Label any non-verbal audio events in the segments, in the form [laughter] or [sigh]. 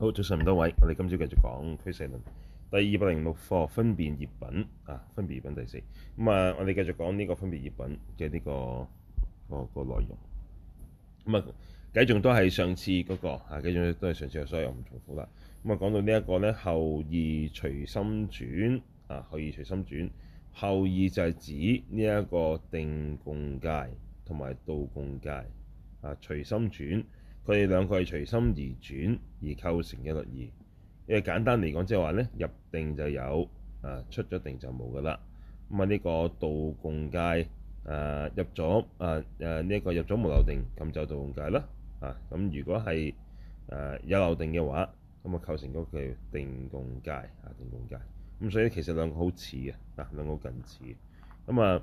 好，早晨唔多位，我哋今朝繼續講俱舍論第二百零六課分別業品啊，分別業品第四，咁啊，我哋繼續講呢個分別業品嘅，呢、這個、那個、那個內容。咁、那個、啊，繼續都係上次嗰個啊，繼續都係上次，所以我唔重複啦。咁啊，講到呢一個咧，後二隨心轉啊，後二隨心轉，後二就係指呢一個定共戒同埋道共戒啊，隨心轉。佢哋兩個係隨心而轉而構成嘅律儀，因為簡單嚟講，即係話咧入定就有啊，出咗定就冇噶啦。咁啊，呢個道共戒入啊入咗啊誒呢一個入咗無漏定咁就道共戒啦。啊咁，如果係誒有漏定嘅話，咁啊構成嗰叫定共戒啊定共戒。咁所以其實兩個好似嘅，啊兩個近似。咁啊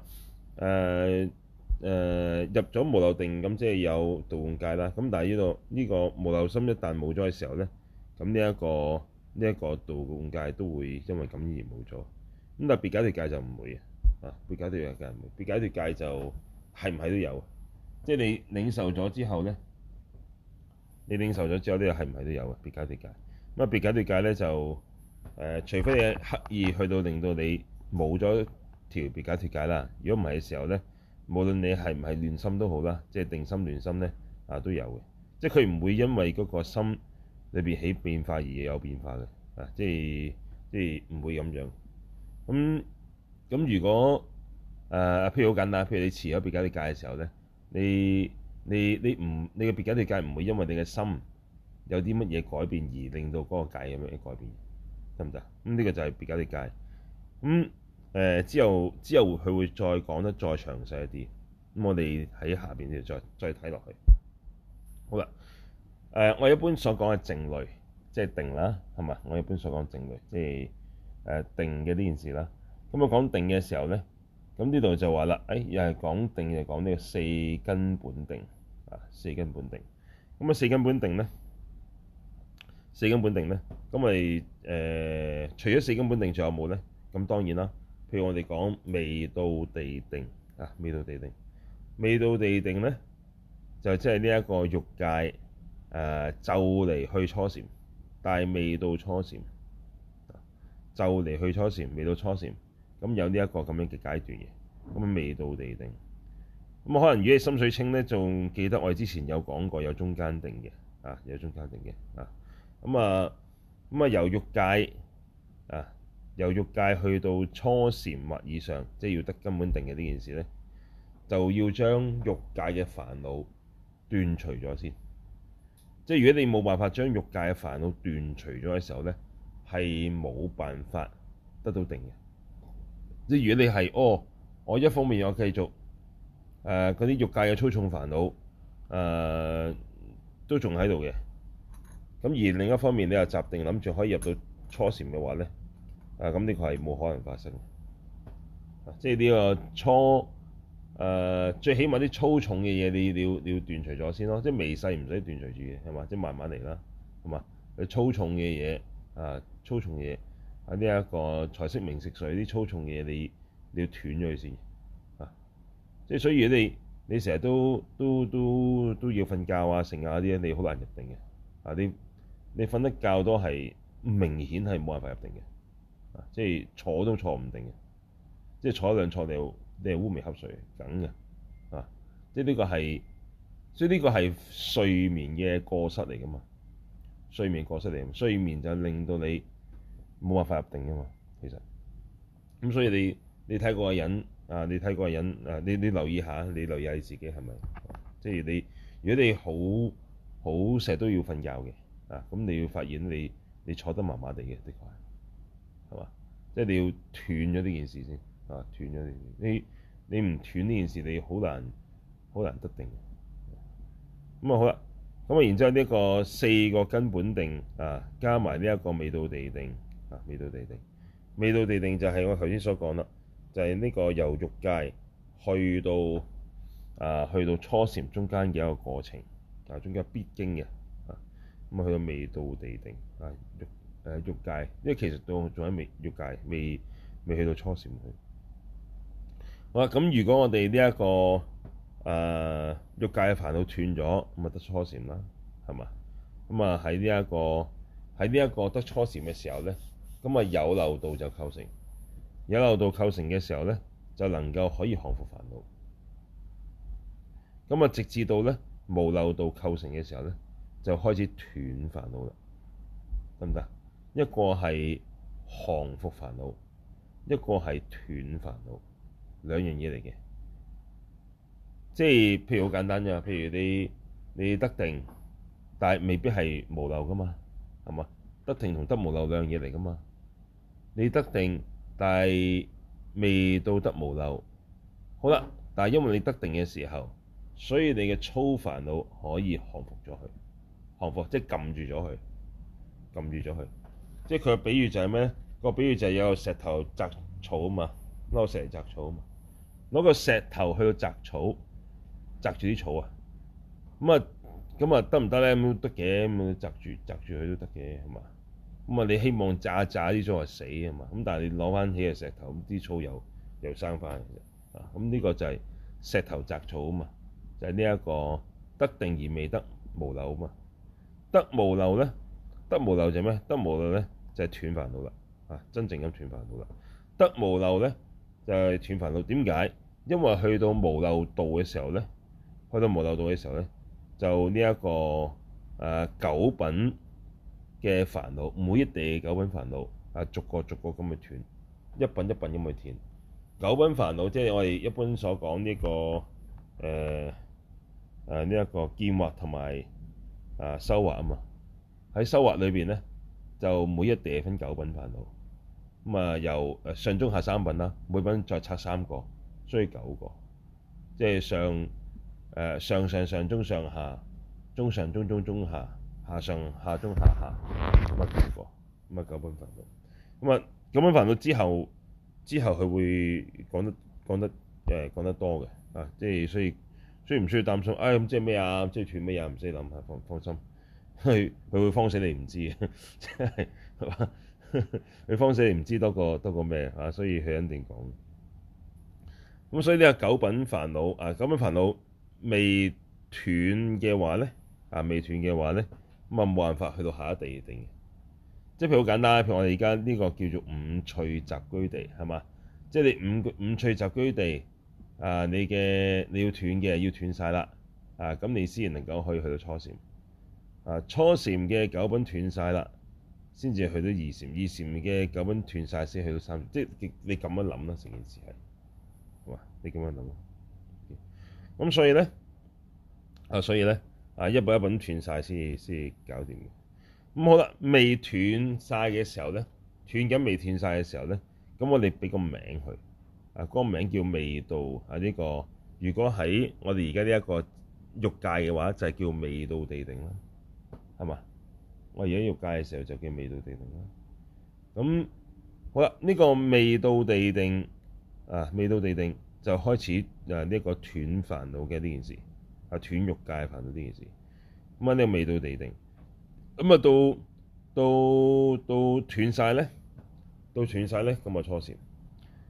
誒。啊誒、呃、入咗無漏定，咁即係有道共戒啦。咁但係呢度呢個無漏心一旦冇咗嘅時候咧，咁呢一個呢一、呢個道共戒都會因為咁而冇咗。咁別解脫戒就唔會啊，別解脫戒唔會。別解脫戒就係唔係都有，即、就、係、是、你領受咗之後咧，你領受咗之後咧，係唔係都有嘅別解脫戒。咁啊，別解脫戒咧就誒、呃，除非你刻意去到令到你冇咗條別解脫戒啦。如果唔係嘅時候咧，無論你係唔係亂心都好啦，即、就、係、是、定心亂心咧，啊都有嘅，即係佢唔會因為嗰個心裏邊起變化而有變化嘅，啊即係即係唔會咁樣。咁咁如果誒、啊，譬如好簡單，譬如你持咗別家啲界嘅時候咧，你你你唔你嘅別家啲界唔會因為你嘅心有啲乜嘢改變而令到嗰個戒有咩改變，得唔得？咁呢個就係別家啲界。咁。誒之後之後佢會再講得再詳細一啲，咁我哋喺下邊呢度再再睇落去。好啦，誒我一般所講嘅靜慮即係定啦，係嘛？我一般所講靜慮即係誒定嘅呢件事啦。咁啊講定嘅時候咧，咁呢度就話啦，誒、哎、又係講定就講呢、呢個四根本定啊，四根本定。咁啊四根本定咧，四根本定咧，咁我哋誒除咗四根本定仲有冇咧？咁當然啦。譬如我哋講未到地定啊，未到地定，未到地定咧就即係呢一個欲界誒、啊、就嚟去初禪，但係未到初禪、啊，就嚟去初禪，未到初禪，咁有呢一個咁樣嘅階段嘅，咁啊未到地定，咁、啊、可能如果你心水清咧，仲記得我哋之前有講過有中間定嘅啊，有中間定嘅啊，咁啊咁啊由欲界啊。啊啊由欲界去到初禪或以上，即係要得根本定嘅呢件事咧，就要將欲界嘅煩惱斷除咗先。即係如果你冇辦法將欲界嘅煩惱斷除咗嘅時候咧，係冇辦法得到定嘅。即係如果你係哦，我一方面我繼續誒嗰啲欲界嘅粗重煩惱誒、呃、都仲喺度嘅，咁而另一方面你又集定諗住可以入到初禪嘅話咧？啊！咁呢個係冇可能發生嘅，即係呢個粗、呃，最起碼啲粗重嘅嘢，你你要你要斷除咗先咯。即係微細唔使斷除住嘅，係嘛？即係慢慢嚟啦，係嘛？你粗重嘅嘢啊，粗重嘢喺呢一個財色名食睡啲粗重嘢，你你要斷咗佢先啊！即係所以你你成日都都都都要瞓覺啊、剩啊啲你好難入定嘅啊！你你瞓得覺多係明顯係冇辦法入定嘅。即係坐都坐唔定嘅，即係坐一兩坐你你係烏眉瞌睡緊嘅，啊，即係呢個係，所以呢個係睡眠嘅過失嚟噶嘛，睡眠過失嚟，睡眠就令到你冇辦法入定噶嘛，其實，咁所以你你睇嗰個人，啊，你睇嗰個人，啊，你你留意下，你留意下你自己係咪，即係你如果你好好成日都要瞓覺嘅，啊，咁你要發現你你坐得麻麻地嘅的確係。即係你要斷咗呢件事先，啊斷咗呢件事，你你唔斷呢件事，你好難好難得定。咁、嗯、啊好啦，咁啊然之後呢個四個根本定啊，加埋呢一個未到地定啊，未到地定，未到地定就係我頭先所講啦，就係、是、呢個由欲界去到啊去到初禪中間嘅一個過程，啊中間必經嘅，啊咁啊去到未到地定啊。誒、呃、欲界，因為其實都仲喺未欲界，未未去到初禪去。好啦，咁如果我哋呢一個誒欲、呃、界嘅煩惱斷咗，咁啊得初禪啦，係嘛？咁啊喺呢一個喺呢一個得初禪嘅時候咧，咁啊有漏道就構成，有漏道構成嘅時候咧，就能夠可以降伏煩惱。咁啊，直至到咧無漏道構成嘅時候咧，就開始斷煩惱啦，得唔得？一個係降服煩惱，一個係斷煩惱，兩樣嘢嚟嘅。即係譬如好簡單啫，譬如你你得定，但係未必係無漏噶嘛，係嘛？得定同得無漏兩樣嘢嚟噶嘛？你得定，但係未到得無漏。好啦。但係因為你得定嘅時候，所以你嘅粗煩惱可以降服咗佢，降服即係撳住咗佢，撳住咗佢。即係佢嘅比喻就係咩？個比喻就係有個石頭擲草啊嘛，攞石嚟擲草啊嘛，攞個石頭去擲草，擲住啲草啊，咁啊咁啊得唔得咧？咁得嘅，咁擲住擲住佢都得嘅，係嘛？咁啊、嗯、你希望炸一炸啲草係死啊嘛，咁但係你攞翻起個石頭，咁啲草又又生翻嘅，啊咁呢、嗯這個就係石頭擲草啊嘛，就係呢一個得定而未得無漏啊嘛，得無漏咧，得無漏就係咩？得無漏咧。就係、是、斷煩惱啦，啊，真正咁斷煩惱啦。得無漏咧，就係、是、斷煩惱。點解？因為去到無漏道嘅時候咧，去到無漏道嘅時候咧，就呢、這、一個誒、啊、九品嘅煩惱，每一地九品煩惱啊，逐個逐個咁去斷，一品一品咁去斷。九品煩惱即係、就是、我哋一般所講呢、這個誒誒呢一個見惑同埋啊修惑啊嘛。喺修惑裏邊咧。就每一地分九品煩惱，咁、嗯、啊由上中下三品啦，每品再拆三個，所以九個，即係上、呃、上上上上中上下，中上中中中下，下上、下、上下中下下，咁啊九個，咁啊九品煩惱，咁、嗯、啊九品煩惱之後，之後佢會講得講得誒、呃、講得多嘅，啊即係所以，所以唔需要擔心，誒咁即係咩啊？即係斷咩啊？唔使諗吓，放放心。佢 [laughs] 佢會慌死你唔知嘅， [laughs] 即係佢慌死你唔知多過多過咩啊？所以佢肯定講。咁所以呢咧，九品煩惱啊，九品煩惱未斷嘅話咧，啊未斷嘅話咧，咁啊冇辦法去到下一地定嘅。即係譬如好簡單啊，譬如我哋而家呢個叫做五趣集居地係嘛？即係、就是、你五五趣集居地啊，你嘅你要斷嘅要斷晒啦啊！咁你先能夠可以去到初禪。啊！初禪嘅九品斷晒啦，先至去到二禪。二禪嘅九品斷晒，先去到三禪，即係你咁樣諗啦。成件事係好啊，你咁樣諗。咁所以咧啊，所以咧啊，一品一品斷晒，先先搞掂。咁好啦，未斷晒嘅時候咧，斷緊未斷晒嘅時候咧，咁我哋俾個名佢啊，嗰、那個名叫未到啊。呢、這個如果喺我哋而家呢一個欲界嘅話，就係、是、叫未到地定啦。係嘛？我而家欲界嘅時候就叫未到地定啦。咁好啦，呢個未到地定啊，未到地定就開始啊呢一個斷煩惱嘅呢件事，啊斷欲界煩惱呢件事那。咁啊呢個未到地定，咁啊到到到斷晒咧，到斷晒咧，咁啊初禪。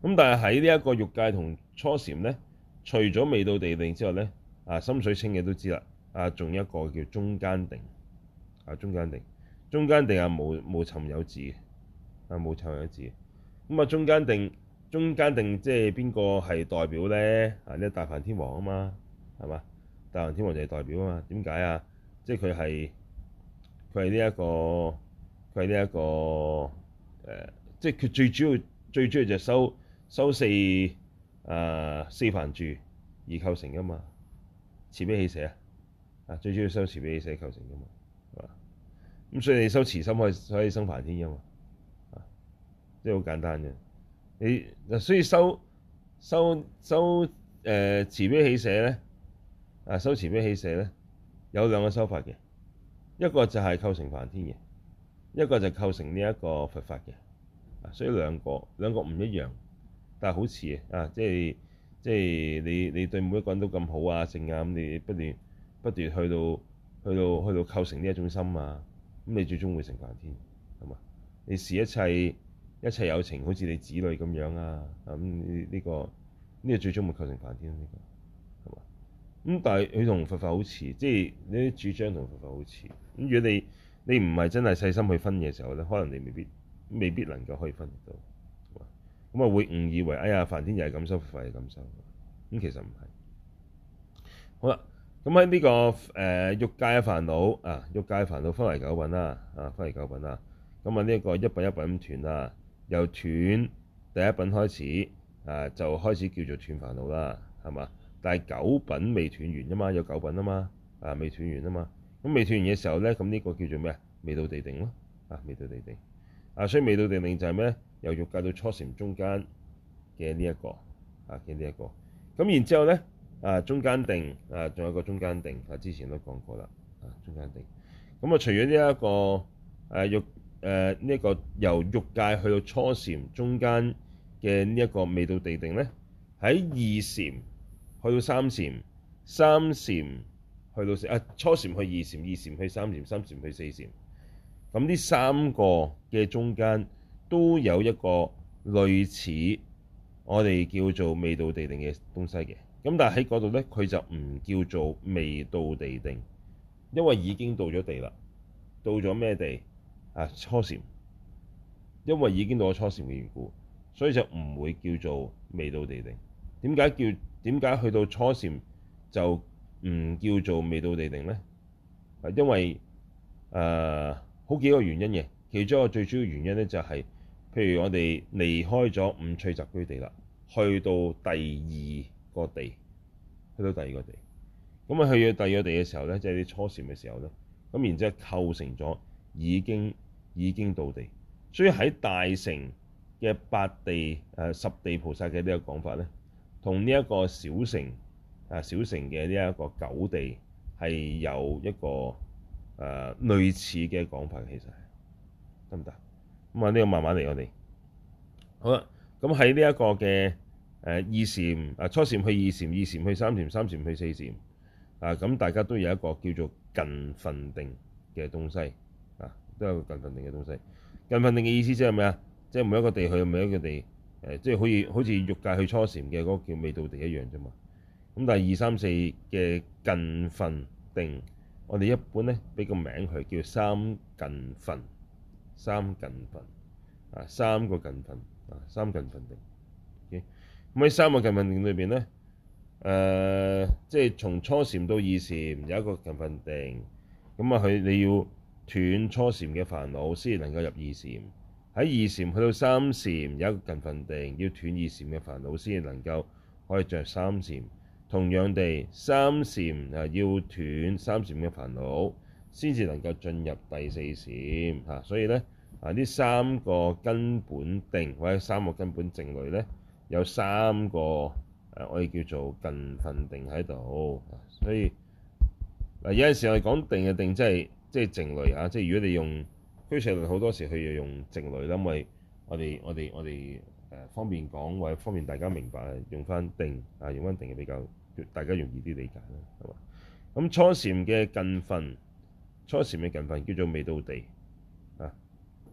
咁但係喺呢一個欲界同初禪咧，除咗未到地定之外咧，啊心水清嘅都知啦，啊仲有一個叫中間定。啊！中間定，中間定啊，冇冇尋有伺。啊冇尋有伺咁啊！中間定，中間定，即係邊個係代表咧？啊！呢大梵天王啊嘛，係嘛？大梵天王就係代表啊嘛？點解啊？即係佢係佢係呢一個佢係呢一個誒、呃，即係佢最主要最主要就是收收四啊、呃、四梵住而構成噶嘛？慈悲喜捨啊！啊，最主要收慈悲喜捨構成噶嘛？咁所以你修慈心可以可以生梵天嘅嘛？啊，即係好簡單嘅。你所以修修修誒、呃、慈悲喜捨咧，啊，修慈悲喜捨咧，有兩個修法嘅。一個就係構成梵天嘅，一個就構成呢一個佛法嘅。啊，所以兩個兩個唔一樣，但係好似啊，即係即係你你對每一個人都咁好啊、靜啊，咁你不斷不斷去到去到去到構成呢一種心啊。咁你最終會成梵天，係嘛？你視一切一切有情，好似你子女咁樣啊，咁呢、呢個呢、呢個、最終咪構成梵天呢、呢個，係嘛？咁但係佢同佛法好似，即係你啲主張同佛法好似。咁如果你你唔係真係細心去分嘅時候咧，可能你未必未必能夠可以分得到，係嘛？咁啊會誤以為哎呀梵天又係咁收佛法係咁收，咁、嗯、其實唔係。好啦。咁喺呢個誒欲、呃、界嘅煩惱啊，欲界煩惱分為九品啦，啊分為九品啦。咁啊呢一個一品一品咁斷啊，由斷第一品開始啊，就開始叫做斷煩惱啦，係嘛？但係九品未斷完啊嘛，有九品啊嘛，啊未斷完啊嘛。咁未斷完嘅時候咧，咁呢個叫做咩啊？未到地定咯，啊未到地定。啊，所以未到地定就係咩？由欲界到初禪中間嘅呢一個啊嘅呢一個。咁、啊這個、然之後咧。啊！中間定啊，仲有一個中間定啊。之前都講過啦，啊中間定咁、這個、啊。除咗呢一個誒欲誒呢個由欲界去到初禪中間嘅呢一個未到地定咧，喺二禪去到三禪，三禪去到四啊，初禪去二禪，二禪去三禪，三禪去四禪。咁呢三個嘅中間都有一個類似我哋叫做未到地定嘅東西嘅。咁但係喺嗰度呢，佢就唔叫做未到地定，因為已經到咗地啦。到咗咩地啊？初禪，因為已經到咗初禪嘅緣故，所以就唔會叫做未到地定。點解叫點解去到初禪就唔叫做未到地定呢？因為誒好、呃、幾個原因嘅，其中一個最主要原因呢，就係、是，譬如我哋離開咗五趣雜居地啦，去到第二。那個地，到個地去到第二個地，咁啊去到第二個地嘅時候咧，即係你初禪嘅時候咧，咁然之後構成咗已經已經到地，所以喺大乘嘅八地誒十地菩薩嘅呢個講法咧，同呢一個小乘啊小乘嘅呢一個九地係有一個誒、呃、類似嘅講法，其實得唔得？咁啊呢個慢慢嚟，我哋好啦，咁喺呢一個嘅。誒二禪、啊，初禪去二禪、二禪去三禪、三禪去四禪，啊，咁大家都有一個叫做近分定嘅東西啊，都有個近分定嘅東西。近分定嘅意思即係咩啊？即係每一個地去每一個地誒、啊，即係可以好似欲界去初禪嘅嗰個叫未到地一樣啫嘛。咁、啊、但係二三四嘅近分定，我哋一般咧俾個名佢叫三近分，三近分啊，三個近分啊，三近分定。咁喺三個近分定裏邊咧，誒、呃，即、就、係、是、從初禪到二禪有一個近分定，咁啊，佢你要斷初禪嘅煩惱，先至能夠入二禪。喺二禪去到三禪有一個近分定，要斷二禪嘅煩惱，先至能夠可以著三禪。同樣地，三禪啊要斷三禪嘅煩惱，先至能夠進入第四禪。嚇、啊，所以咧啊，呢三個根本定或者三個根本靜慮咧。有三個誒、呃，我哋叫做近分定喺度，所以嗱、呃、有陣時我哋講定嘅定，即係即係靜慮嚇、啊。即係如果你用俱舍論，好多時佢用用靜慮啦。因為我哋我哋我哋誒、呃、方便講，或者方便大家明白，用翻定啊，用翻定嘅比較大家容易啲理解啦，係嘛？咁初禪嘅近分，初禪嘅近分叫做未到地啊，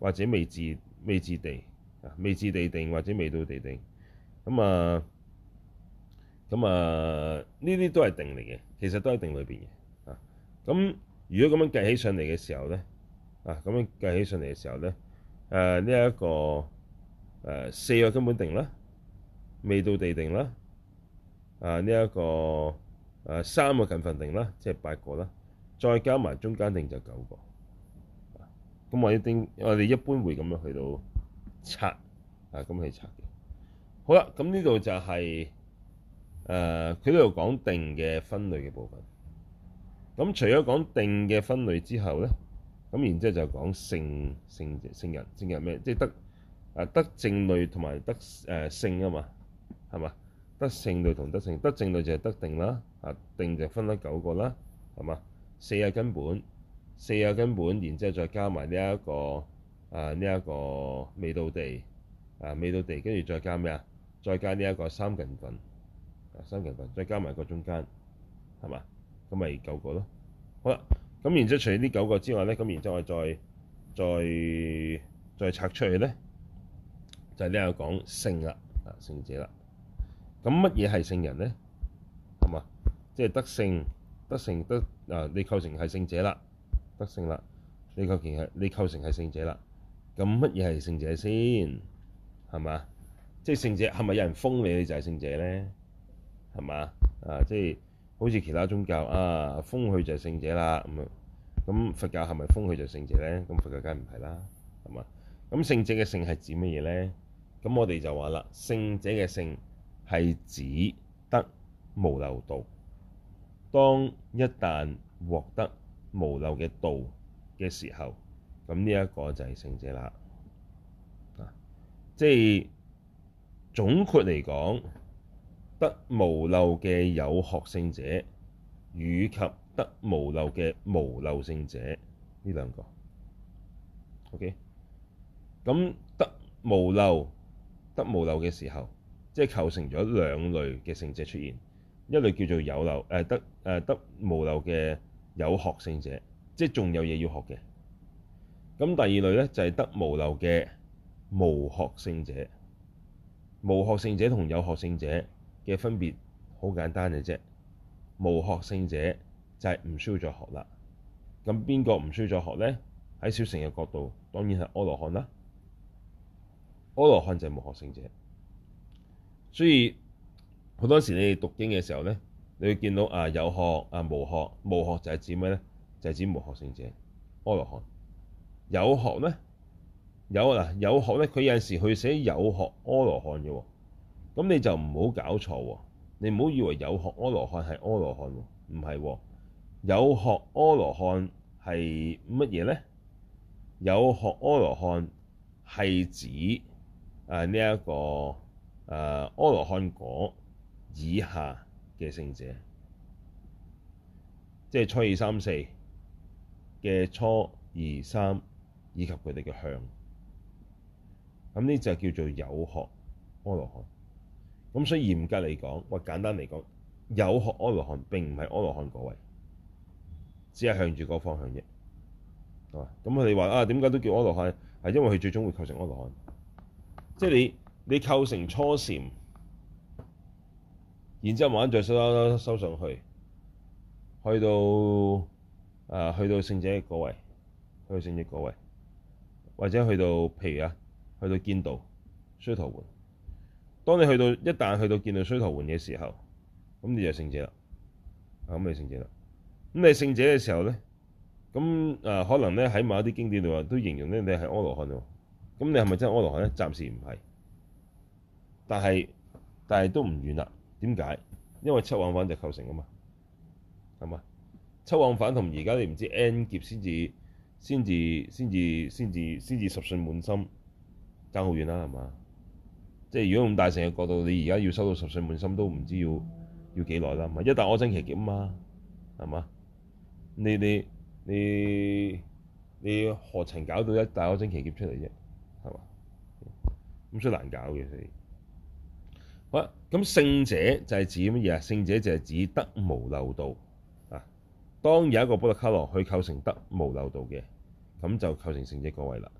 或者未至未至地啊，未至地定或者未到地定。咁、嗯、啊，咁、嗯、啊，呢、嗯、啲都係定嚟嘅，其實都係定裏邊嘅啊。咁如果咁樣計起上嚟嘅時候咧，啊，咁樣計起上嚟嘅時候咧，誒呢一個誒、啊、四個根本定啦，未到地定啦，啊呢一、這個誒、啊、三個近分定啦，即係八個啦，再加埋中間定就九個，咁、啊、我哋定，我哋一般會咁樣去到拆啊，咁嚟拆嘅。好啦，咁呢度就係、是、誒，佢呢度講定嘅分類嘅部分。咁除咗講定嘅分類之後咧，咁然之後就講聖聖聖人聖人咩？即、就、係、是、得啊，得靜慮同埋得誒、呃、聖啊嘛，係嘛？得靜慮同得聖，得靜慮就係得定啦，啊定就分得九個啦，係嘛？四個根本，四個根本，然之後再加埋呢一個啊呢一個未到地啊未到地，跟住再加咩啊？再加呢一個三近分，啊三近分，再加埋個中間，係嘛？咁咪九個咯。好啦，咁然之後除咗呢九個之外咧，咁然之後我再再再拆出去咧，就係、是、呢個講聖啦，啊聖者啦。咁乜嘢係聖人咧？係嘛？即係得聖，得聖得啊！你構成係聖者啦，得聖啦，你構成係你構成係聖者啦。咁乜嘢係聖者先？係嘛？即係聖者係咪有人封你你就係聖者咧？係嘛啊！即係好似其他宗教啊，封佢就係聖者啦，咁咁佛教係咪封佢就聖者咧？咁佛教梗唔係啦，係嘛？咁聖者嘅聖係指乜嘢咧？咁我哋就話啦，聖者嘅聖係指得無漏道。當一旦獲得無漏嘅道嘅時候，咁呢一個就係聖者啦。啊，即係。總括嚟講，得無漏嘅有學聖者，以及得無漏嘅無漏聖者，呢兩個。OK，咁得無漏，得無漏嘅時候，即係構成咗兩類嘅聖者出現。一類叫做有漏，得誒得無漏嘅有學聖者，即係仲有嘢要學嘅。咁第二類咧就係、是、得無漏嘅無學聖者。無學聖者同有學聖者嘅分別好簡單嘅啫，無學聖者就係唔需要再學啦。咁邊個唔需要再學咧？喺小乘嘅角度，當然係阿羅漢啦。阿羅漢就係無學聖者，所以好多時你哋讀經嘅時候咧，你會見到啊有學啊無學，無學就係指咩咧？就係、是、指無學聖者阿羅漢。有學咧？有啊嗱，有學咧，佢有陣時去寫有學阿羅漢嘅，咁你就唔好搞錯喎。你唔好以為有學阿羅漢係阿羅漢喎，唔係。有學阿羅漢係乜嘢咧？有學阿羅漢係指啊呢一個啊阿羅漢果、啊這個啊、以下嘅聖者，即係初二三四嘅初二三，以及佢哋嘅向。咁呢就叫做有學阿羅漢。咁所以嚴格嚟講，或簡單嚟講，有學阿羅漢並唔係阿羅漢嗰位，只係向住個方向嘅。咁佢哋話啊，點解都叫阿羅漢？係因為佢最終會構成阿羅漢。即係你你構成初禪，然之後慢慢再收收收上去，去到啊，去到聖者嗰位，去到聖者嗰位，或者去到譬如啊。去到見道，須陀洹。當你去到一旦去到見道須陀洹嘅時候，咁你就聖者啦。啊，咁你聖者啦。咁你聖者嘅時候咧，咁誒、呃、可能咧喺某一啲經典度啊都形容咧，你係阿羅漢喎。咁你係咪真阿羅漢咧？暫時唔係，但係但係都唔遠啦。點解？因為七往返就構成啊嘛，係嘛？七往返同而家你唔知 n 劫先至先至先至先至先至十信滿心。爭好遠啦，係嘛？即係如果咁大成嘅角度，你而家要收到十歲滿心都唔知要要幾耐啦，唔係一大我星期幾啊嘛，係嘛？你你你你何曾搞到一大我星期幾出嚟啫？係嘛？咁所以難搞嘅先。好啦，咁聖者就係指乜嘢啊？聖者就係指得無漏道啊。當有一個補特伽羅去構成得無漏道嘅，咁就構成聖者個位啦。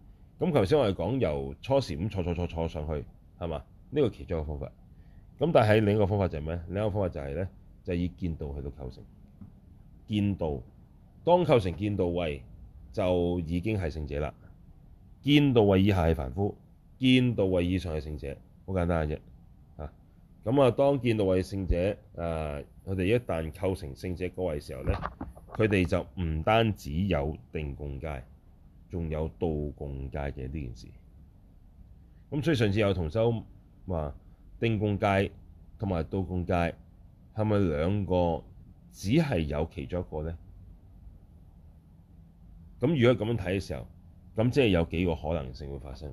咁頭先我哋講由初時咁坐坐坐坐上去，係嘛？呢個其中一個方法。咁但係另一個方法就係咩？另一個方法就係、係、咧，就係、以見道去到構成見道。當構成見道位，就已經係聖者啦。見道位以下係凡夫，見道位以上係聖者，好簡單嘅啫。啊，咁啊，當見道位聖者，啊、呃，佢哋一旦構成聖者嗰位嘅時候咧，佢哋就唔單止有定共戒仲有道共戒嘅呢件事，咁所以上次有同修話，定共戒同埋道共戒，係咪兩個只係有其中一個呢？咁如果咁樣睇嘅時候，咁即係有幾個可能性會發生。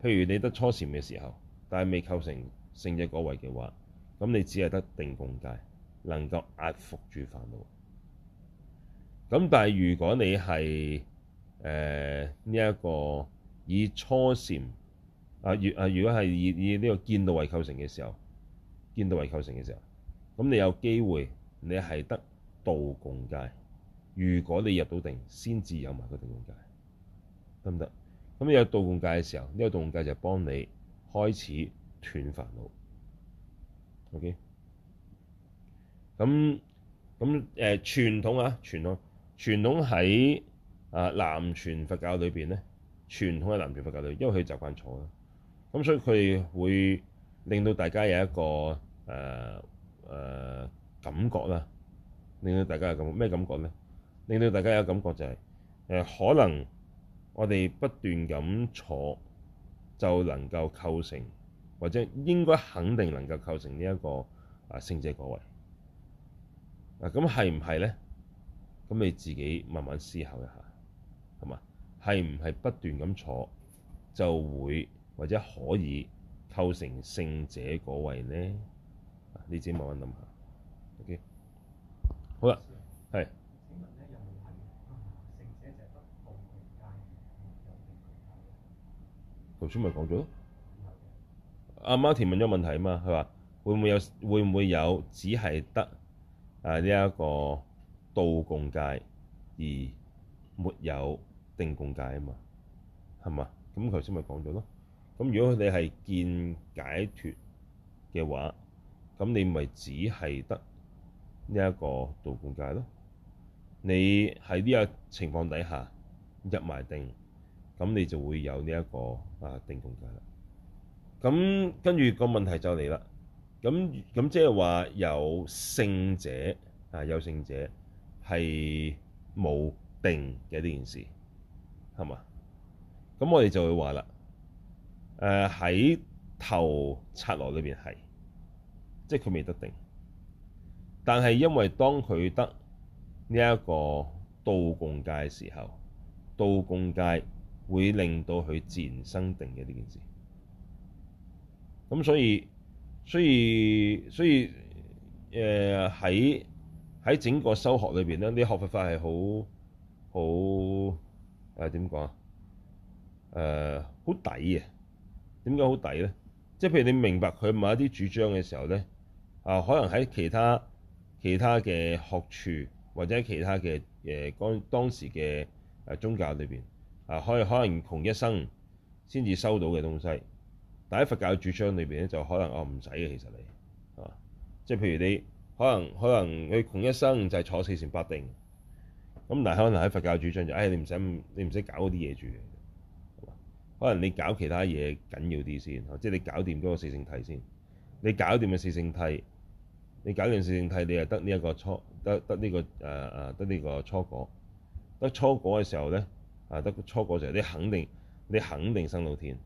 譬如你得初禪嘅時候，但係未構成聖者果位嘅話，咁你只係得定共戒能夠壓服住煩惱。咁但係如果你係。誒、呃、呢一個以初禪啊，如啊，如果係以以呢個見道為構成嘅時候，見道為構成嘅時候，咁你有機會你係得道共戒，如果你入到定先至有埋個定共戒，得唔得？咁有道共戒嘅時候，呢、這個道共戒就幫你開始斷煩惱。OK，咁咁誒傳統啊，傳統傳統喺。啊！南傳佛教裏邊咧，傳統嘅南傳佛教裏，因為佢習慣坐啦，咁所以佢會令到大家有一個誒誒、呃呃、感覺啦，令到大家有感覺，咩感覺咧？令到大家有感覺就係、是、誒，可能我哋不斷咁坐，就能夠構成或者應該肯定能夠構成呢一個啊聖者果位啊。咁係唔係咧？咁你自己慢慢思考一下。咁啊，係唔係不斷咁坐就會或者可以構成聖者嗰位呢？你自己慢慢諗下。Okay，好啦，係。請頭先咪講咗，阿 Martin 問咗問題啊嘛，佢話會唔會有會唔會有只係得啊呢一個道共戒而沒有？定共戒啊嘛，係嘛？咁頭先咪講咗咯。咁如果你係見解脱嘅話，咁你咪只係得呢一個道共戒咯。你喺呢個情況底下入埋定，咁你就會有呢一個啊定共戒啦。咁跟住個問題就嚟啦。咁咁即係話有聖者啊，有聖者係冇定嘅呢件事。係嘛？咁我哋就會話啦，誒喺頭擦落裏邊係，即係佢未得定，但係因為當佢得呢一個道共戒嘅時候，道共戒會令到佢自然生定嘅呢件事。咁所以，所以，所以誒喺喺整個修學裏邊咧，啲學佛法係好好。很誒點講啊？誒好抵啊！點解好抵咧？即係譬如你明白佢某一啲主張嘅時候咧，啊、呃、可能喺其他其他嘅學處，或者喺其他嘅誒剛當時嘅誒宗教裏邊，啊可以可能窮一生先至收到嘅東西，但喺佛教主張裏邊咧就可能我唔使嘅其實是你，啊即係譬如你可能可能佢窮一生就係坐四禪八定。咁但係可能喺佛教主張就誒，你唔使你唔使搞嗰啲嘢住，係嘛？可能你搞其他嘢緊要啲先，即係你搞掂嗰個四聖諦先。你搞掂嘅四聖諦，你搞掂四聖諦，你係得呢一個初得得呢、這個、呃、得呢個初果。得初果嘅時候咧啊，得初果嘅時候，你肯定你肯定生到天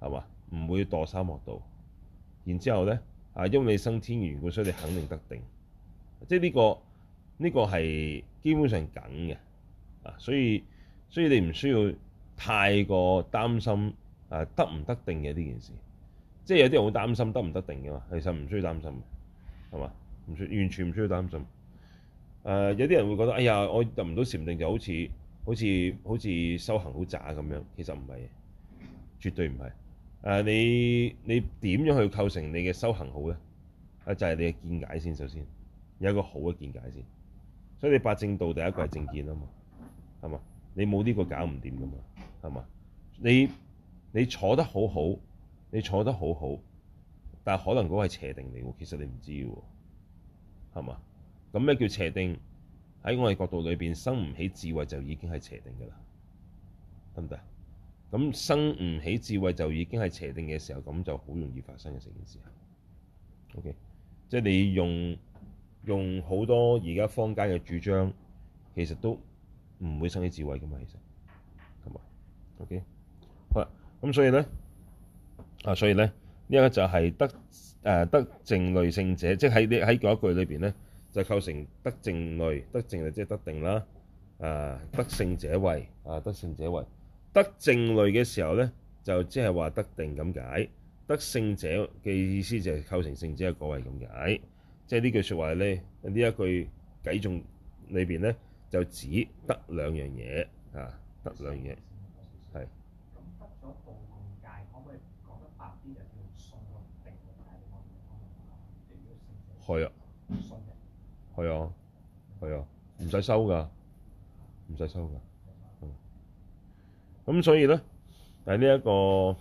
係嘛？唔會墮三惡道。然之後咧啊，因為你生天緣故，所以你肯定得定。即係呢、這個呢、這個係。基本上梗嘅，啊，所以所以你唔需要太過擔心啊得唔得定嘅呢件事，即係有啲人會擔心得唔得定嘅嘛，其實唔需要擔心，係嘛？唔需完全唔需要擔心。誒，有啲人會覺得，哎呀，我入唔到禪定就好似好似好似修行好渣咁樣，其實唔係，絕對唔係。誒、啊，你你點樣去構成你嘅修行好咧？啊，就係你嘅見解先，首先有一個好嘅見解先。所以你八正道第一個係正見啊嘛，係嘛？你冇呢個搞唔掂㗎嘛，係嘛？你你坐得好好，你坐得好好，但係可能嗰個係邪定嚟嘅，其實你唔知嘅喎，係嘛？咁咩叫邪定？喺我哋角度裏邊，生唔起智慧就已經係邪定㗎啦，得唔得？咁生唔起智慧就已經係邪定嘅時候，咁就好容易發生嘅成件事啊。OK，即係你用。用好多而家坊間嘅主張，其實都唔會生起智慧噶嘛，其實咁嘛？OK，好啊咁、嗯、所以咧啊，所以咧呢一、這個就係得誒得靜慮聖者，即係喺喺嗰一句裏邊咧，就構成得靜慮，得靜就即係得定啦。啊，得聖者位，啊得聖者位，得靜慮嘅時候咧，就即係話得定咁解；得聖者嘅意思就係構成聖者嗰位咁解。即係呢句説話咧，呢一句偈重裏邊咧，就只得兩樣嘢、嗯、啊，得兩樣嘢係。咁得咗報業界可唔可以講得白啲？就叫送咗定業界嗰啲嘅方法係啊，送係啊，係啊，唔使、啊啊、收㗎，唔使收㗎。咁、嗯、所以咧，但係呢一個誒、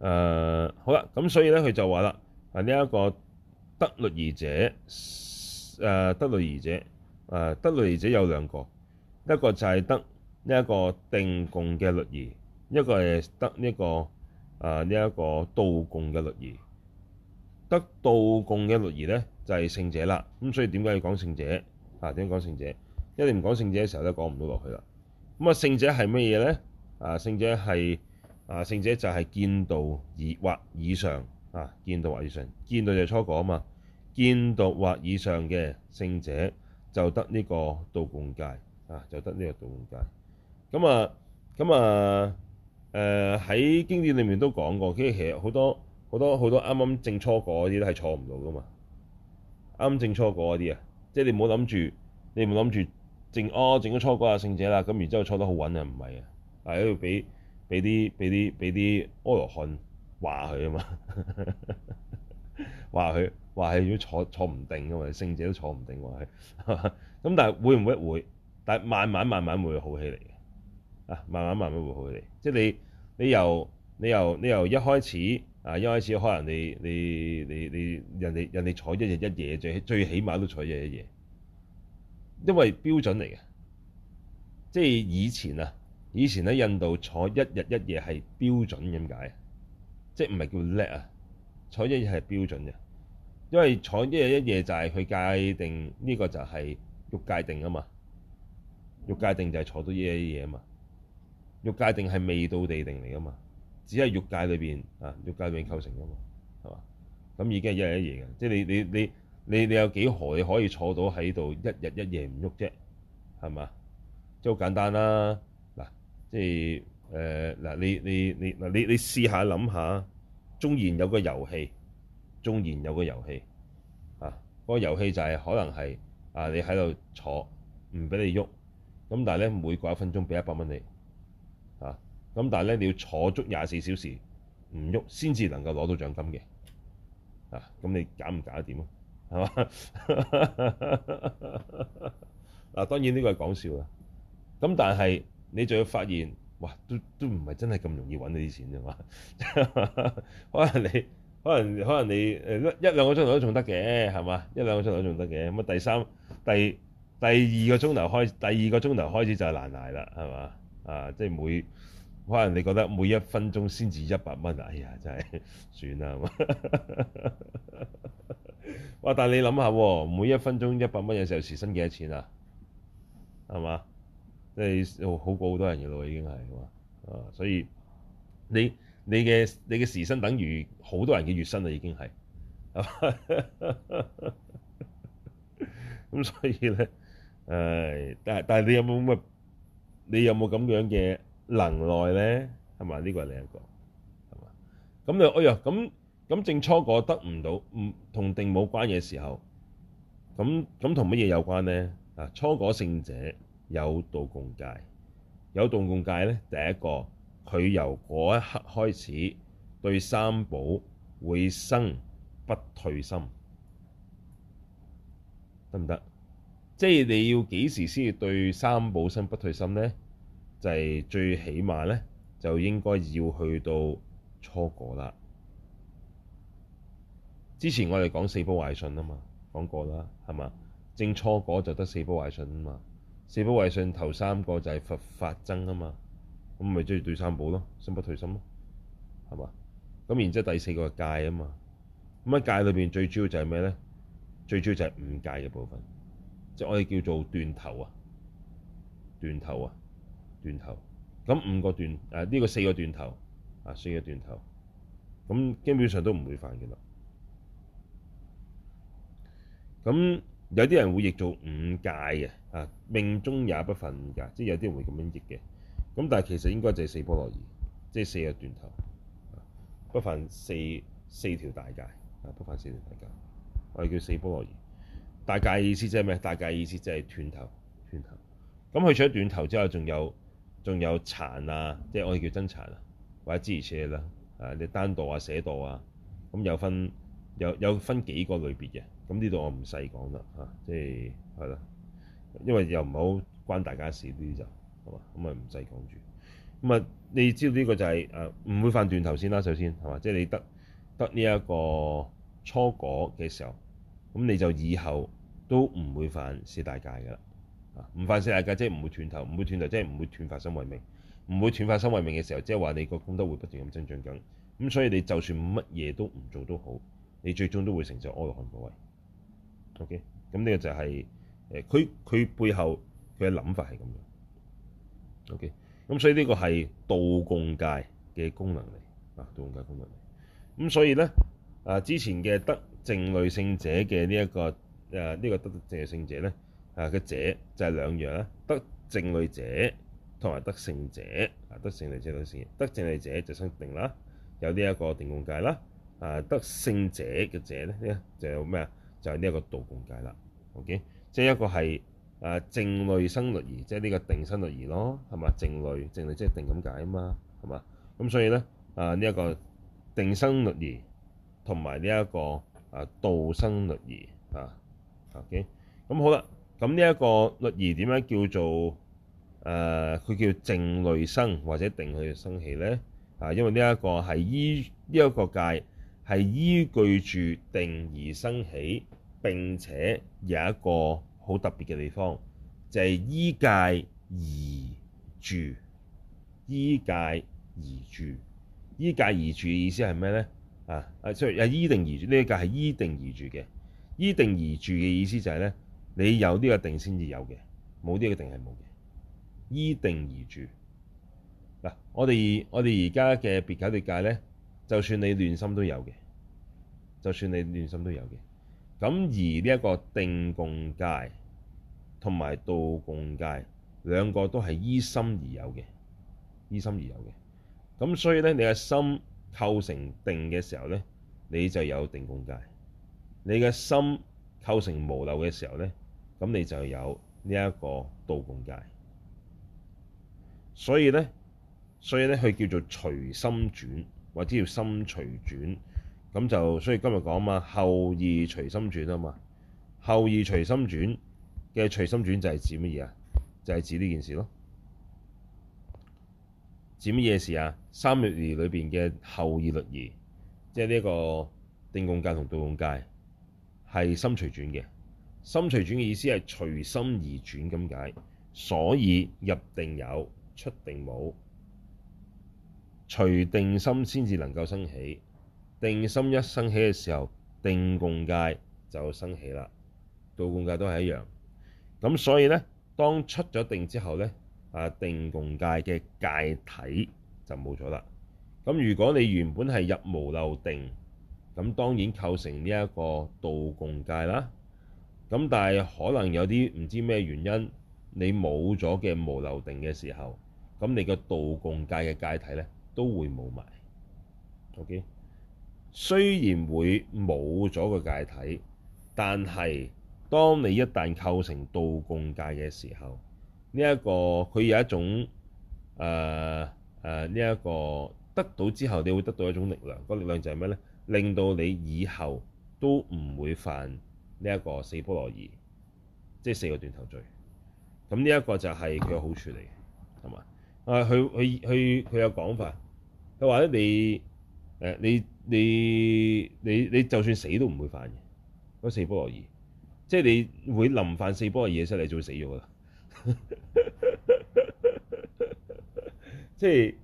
呃、好啦、啊，咁所以咧，佢就話啦。係呢一個得律儀者，誒、啊、得律儀者，誒、啊、得律儀者有兩個，一個就係得呢一個定共嘅律儀，一個係得呢一個呢、啊、一個道共嘅律儀。得道共嘅律儀咧就係、是、聖者啦。咁所以點解要講聖者？啊，點講聖者？因為你唔講聖者嘅時候都講唔到落去啦。咁啊，聖者係乜嘢咧？啊，聖者係啊，聖者就係見道而或以上。啊，見道或以上，見道就初果啊嘛。見道或以上嘅聖者，就得呢個道共戒，啊，就得呢個道共戒。咁啊，咁啊，誒、啊、喺、啊、經典裏面都講過，跟住其實好多好多好多啱啱正初果嗰啲都係坐唔到㗎嘛。啱啱正初果嗰啲啊，即係你唔好諗住，你唔好諗住正哦，正咗初果就聖者啦，咁然之後坐得好穩啊，唔係啊，喺度俾俾啲俾啲俾啲阿羅漢。話佢啊嘛，話佢話佢要坐坐唔定㗎嘛，聖者都坐唔定話佢，咁但係會唔會？會，但係慢慢慢慢會好起嚟嘅啊！慢慢慢慢會好起嚟，即係你你由你由你由一開始啊，一開始可能你你你你,你人哋人哋坐一日一夜最最起碼都坐一日一夜，因為標準嚟嘅，即係以前啊，以前喺印度坐一日一夜係標準點解？即唔係叫叻啊？坐一日係標準嘅，因為坐一日一夜就係佢界定呢個就係欲界定啊嘛，欲界定就係坐到一日一夜啊嘛，欲界定係未到地定嚟噶嘛，只係欲界裏邊啊，欲界裏邊構成噶嘛，係嘛？咁已經係一日一夜嘅，即係你你你你你有幾何你可以坐到喺度一日一夜唔喐啫？係嘛？即係好簡單啦，嗱，啊，即係。誒、呃、嗱，你你你嗱，你你，你，你，你試下諗下，縱然有個遊戲，縱然有個遊戲，啊，嗰個遊戲就係、是、可能係啊，你喺度坐唔俾你喐，咁但係咧每過一分鐘俾一百蚊你，啊，咁但係咧你要坐足廿四小時唔喐先至能夠攞到獎金嘅，啊，咁你揀唔揀得點 [laughs] 啊？係嘛？嗱，當然呢個係講笑啦，咁但係你就要發現。哇，都都唔係真係咁容易揾到啲錢啫嘛， [laughs] 可能你可能可能你誒一兩個鐘頭都仲得嘅，係嘛？一兩個鐘頭都仲得嘅，咁啊第三第第二個鐘頭開始第二個鐘頭開始就係難捱啦，係嘛？啊，即係每可能你覺得每一分鐘先至一百蚊，哎呀，真係算啦，係嘛？哇！ [laughs] 但係你諗下，每一分鐘一百蚊有時候時薪幾多錢啊？係嘛？即係好過好多人嘅咯，已經係嘛啊！所以你你嘅你嘅時薪等於好多人嘅月薪啦，已經係係嘛咁， [laughs] 所以咧，唉、哎，但但係你有冇乜你有冇咁樣嘅能耐咧？係嘛？呢、呢個係另一個係嘛？咁你哎呀，咁咁正初果得唔到，唔同定冇關嘅時候，咁咁同乜嘢有關咧？啊，初果聖者。有道共戒，有道共戒呢，第一個，佢由嗰一刻開始對三寶會生不退心，得唔得？即係你要幾時先至對三寶生不退心呢？就係最起碼呢，就應該要去到初果啦。之前我哋講四波壞信啊嘛，講過啦，係嘛？正初果就得四波壞信啊嘛。四不壞信頭三個就係佛法僧啊嘛，咁咪即係對三寶咯，啊，心不退心咯，啊，係嘛？咁然之後第四個係戒啊嘛，咁喺戒裏邊最主要就係咩咧？最主要就係五戒嘅部分，即、就、係、是、我哋叫做斷頭啊，斷頭啊，斷頭。咁五個斷誒呢、啊呢個四個斷頭啊，四個斷頭，咁基本上都唔會犯嘅啦。咁有啲人會譯做五戒嘅，啊命中也不犯五戒，即係有啲人會咁樣譯嘅。咁但係其實應該就係四波羅夷，即係四個斷頭，啊不犯四四條大戒，啊不犯四條大戒，我哋叫四波羅夷。大戒嘅意思即係咩？大戒嘅意思即係斷頭，斷頭，咁佢除咗斷頭之後仲有仲有殘啊，即係我哋叫真殘啊，或者支持車啦，啊你單道啊、寫道啊，咁有分有有分幾個類別嘅。咁呢度我唔使講啦吓，即係係啦，因為又唔好關大家事，呢啲就係嘛，咁咪唔使講住咁啊。你知道呢個就係、誒、唔會犯斷頭先啦。首先係嘛，即係你得得呢一個初果嘅時候，咁你就以後都唔會犯四大戒嘅啦。啊，唔犯四大戒即係唔會斷頭，唔會斷頭即係唔會斷法身為命，唔會斷法身為命嘅時候，即係話你個功德會不斷咁增長緊。咁所以你就算乜嘢都唔做都好，你最終都會成就阿羅漢果位。OK，咁呢個就係誒，佢佢背後嘅諗法係咁樣。OK，咁所、啊、所以呢個係道共戒嘅功能嚟，啊道共戒功能嚟。咁所以咧，啊之前嘅得靜慮聖者嘅呢一個誒呢個得靜慮聖者咧，啊嘅者就係兩樣啦，得靜慮者同埋得聖者，啊得靜慮者同性，得靜慮者、者、者就生定啦，有呢一個定共戒啦。啊得聖者嘅者咧，呢就有咩啊？就係呢一個道共戒啦，OK，即係一個係誒靜慮生律儀，即係呢個定生律儀咯，係嘛？靜慮靜慮即係定咁解啊嘛，係嘛？咁所以咧呢一、啊這個定生律儀同埋呢一個、啊、道生律儀啊，OK，咁好啦，咁呢一個律儀點樣叫做誒？佢、啊、叫靜慮生或者定類生氣咧？啊，因為呢一個係依呢一、這個戒。係依據住定而生起，並且有一個好特別嘅地方，就係、是、依戒而住。依戒而住，依戒而住嘅意思係咩咧？啊啊，sorry 啊，依定而住呢一、這個戒係依定而住嘅。依定而住嘅意思就係、是、咧，你有呢個定先至有嘅，冇呢個定係冇嘅。依定而住嗱，我哋我哋而家嘅別解脫戒咧。就算你亂心都有嘅，就算你亂心都有嘅。咁而呢一個定共戒同埋道共戒兩個都係依心而有嘅，依心而有嘅。咁所以咧，你嘅心構成定嘅時候咧，你就有定共戒；你嘅心構成無漏嘅時候咧，咁你就有呢一個道共戒。所以咧，所以咧，佢叫做隨心轉。或者要心隨轉，咁就所以今日講啊嘛，後二隨心轉啊嘛，後二隨心轉嘅隨心轉就係指乜嘢啊？就係、是、指呢件事咯。指乜嘢事啊？三律儀裏邊嘅後二律儀，即係呢一個定共戒同道共戒係心隨轉嘅。心隨轉嘅意思係隨心而轉咁解，所以入定有，出定冇。隨定心先至能夠生起，定心一生起嘅時候，定共戒就生起啦。道共戒都係一樣咁，所以呢，當出咗定之後呢，啊定共戒嘅戒體就冇咗啦。咁如果你原本係入無漏定，咁當然構成呢一個道共戒啦。咁但係可能有啲唔知咩原因，你冇咗嘅無漏定嘅時候，咁你個道共戒嘅戒體呢，都會冇埋，OK。雖然會冇咗個戒體，但係當你一旦構成道共戒嘅時候，呢、這、一個佢有一種誒誒呢一個得到之後，你會得到一種力量。那個力量就係咩咧？令到你以後都唔會犯呢一個四波羅夷，即係四個斷頭罪。咁呢一個就係佢嘅好處嚟，係嘛？啊！佢佢佢佢有講法，佢話咧你誒你你你你就算死都唔會犯嘅嗰四波羅夷，即係你會臨犯四波羅夷嘅時候，你就會死咗啦。即係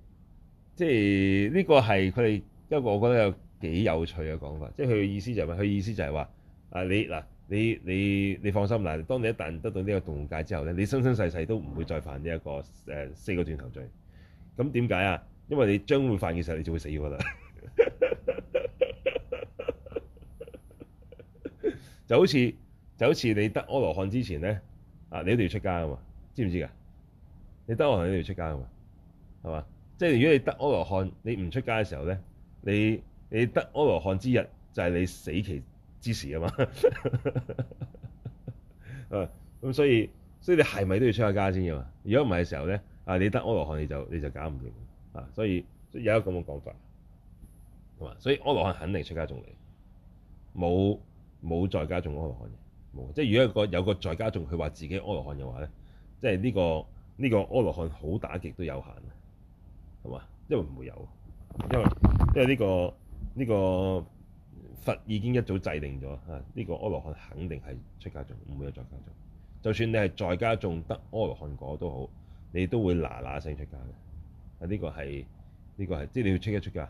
即係呢個係佢哋一個，我覺得有幾有趣嘅講法。即係佢嘅意思就係咩？佢意思就係話啊，你嗱。你你你放心嗱，當你一旦得到呢個道戒之後咧，你生生世世都唔會再犯呢、這、一個誒、呃、四個斷頭罪。咁點解啊？因為你將會犯嘅時候，你就會死喎啦。 [laughs] [laughs] 就好似就好似你得阿羅漢之前咧，啊，你一定要出家噶嘛，知唔知噶？你得阿羅漢你都要出家噶嘛，係嘛？即係如果你得阿羅漢，你唔出家嘅時候咧，你你得阿羅漢之日就係你死期，支持啊嘛，咁 [laughs] 所以所以你係咪都要出下家先嘅嘛？如果唔係嘅時候咧，啊你得阿羅漢你就你就搞唔掂啊！所以有一個咁嘅講法，係嘛？所以阿羅漢肯定出家眾嚟，冇冇在家眾阿羅漢嘅，冇。即係如果有一個有個在家眾佢話自己阿羅漢嘅話咧，即係呢個呢個阿羅漢好打擊都有限，係嘛？因為唔會有，因為因為呢個呢個。這個佛已經一早制定咗，嚇、啊、呢、這個阿羅漢肯定係出家眾，唔會有在家眾。就算你係在家眾得阿羅漢果都好，你都會嗱嗱聲出家嘅。啊，呢、這個係呢、這個係，即係你要出一出家。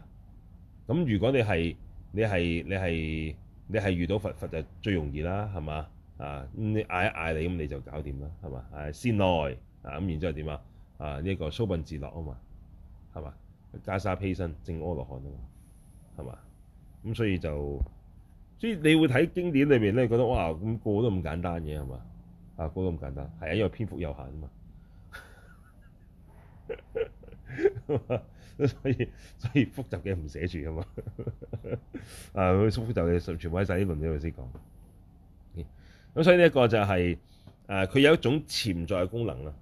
咁如果你係你係你係你係遇到佛佛就最容易啦，係嘛啊？你嗌一嗌你，咁你就搞掂啦，係嘛？誒善來啊，咁然之後點啊？啊呢、啊啊這個鬚髮自落啊嘛，係嘛？袈裟披身，正阿羅漢啊嘛，係嘛？咁所以就，所以你會睇經典裏面咧，覺得哇，咁、那個都咁簡單嘅係嘛？啊，那個都咁簡單，係因為篇幅有限啊嘛。 [laughs] 所以所以複雜嘅唔寫住啊嘛。啊，複複雜嘅全全部喺曬啲論裏先講。咁所以呢一個就係、是、誒，佢、啊、有一種潛在嘅功能啦。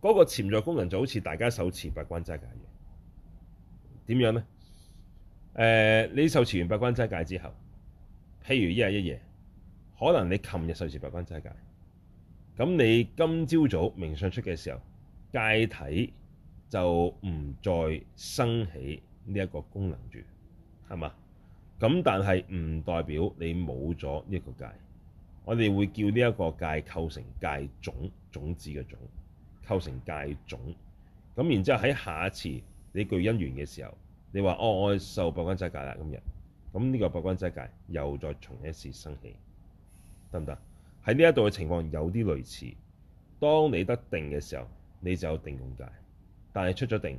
嗰、那個潛在功能就好似大家手持八關齋嘅嘢。點樣咧？誒、呃，你受持完八關齋戒之後，譬如一日一夜，可能你琴日受持八關齋戒，咁你今朝早，早明相出嘅時候，戒體就唔再生起呢一個功能住，係嘛？咁但係唔代表你冇咗呢個個戒，我哋會叫呢一個戒構成戒種種子嘅種構成戒種，咁然之後喺下一次你具因緣嘅時候。你話哦，我受八關齋戒啦，今日，咁呢個八關齋戒又再重一次生起，得唔得？喺呢一度嘅情況有啲類似，當你得定嘅時候，你就有定共戒；但係出咗定，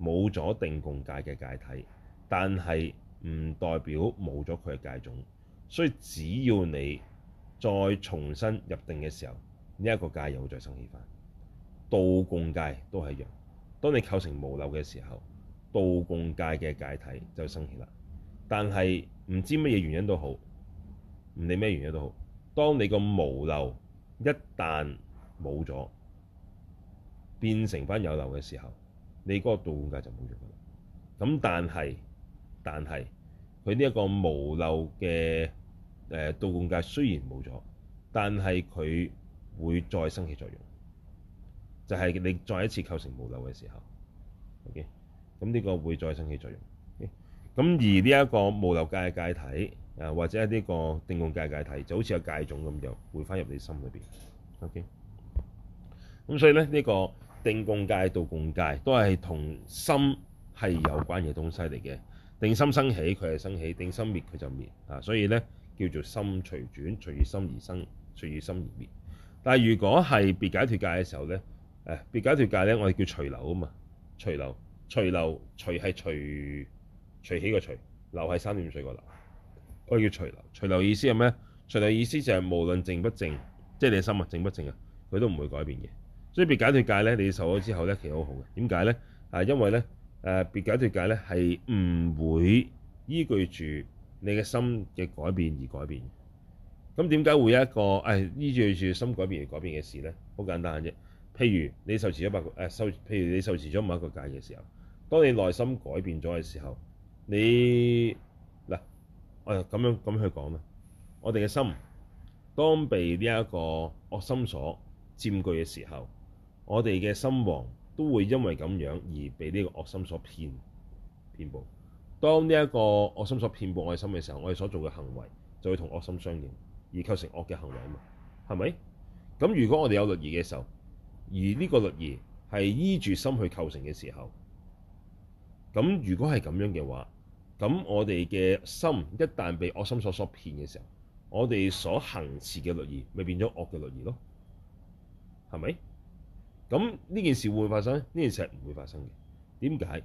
冇咗定共戒嘅戒體，但係唔代表冇咗佢嘅戒種，所以只要你再重新入定嘅時候，呢、這、一個戒又再生起返，道共戒都係一樣。當你構成無漏嘅時候。道共戒嘅戒體就生起啦，但係唔知乜嘢原因都好，唔理咩原因都好，當你個無漏一旦冇咗，變成翻有漏嘅時候，你嗰個道共戒就冇咗啦。咁但係但係佢呢一個無漏嘅誒道共戒雖然冇咗，但係佢會再生起作用，就係、是、你再一次構成無漏嘅時候，OK。咁呢個會再生起作用，咁、okay? 而呢一個無漏戒嘅戒體，啊或者呢個定共戒嘅戒體，就好似有戒種咁，又回翻入你心裏面。O K，咁所以咧，呢、呢個定共戒道共戒都係同心係有關嘅東西嚟嘅。定心生起，佢係生起；定心滅，佢就滅啊。所以咧叫做心隨轉，隨心而生，隨心而滅。但係如果係別解脫戒嘅時候咧，誒、哎、別解脫戒咧，我哋叫隨流啊嘛，隨流。隨流，隨係隨，隨起個隨，流係三點水個流，我叫隨流。隨流意思係咩？隨流意思就係無論淨不淨，即係你嘅心啊淨不淨啊，佢都唔會改變嘅。所以別解脫戒咧，你受咗之後咧，其實好好嘅。點解咧？啊，因為咧誒，別解脫戒咧係唔會依據住你嘅心嘅改變而改變。咁點解會有一個誒、哎、依據住心改變而改變嘅事咧？好簡單嘅啫。譬如你受持一百個誒受，譬如你受持咗某一個戒嘅時候。當你內心改變咗嘅時候，你嗱，我咁樣咁樣去講啦。我哋嘅心當被呢一個惡心所佔據嘅時候，我哋嘅心王都會因為咁樣而被呢個惡心所騙騙報。當呢一個惡心所騙報我嘅心嘅時候，我哋所做嘅行為就會同惡心相應，而構成惡嘅行為啊嘛，係咪？咁如果我哋有律儀嘅時候，而呢個律儀係依住心去構成嘅時候。咁如果係咁樣嘅話，咁我哋嘅心一旦被惡心所所騙嘅時候，我哋所行持嘅律儀咪變咗惡嘅律儀咯，係咪？咁呢件事會唔會發生？呢件事係唔會發生嘅。點解？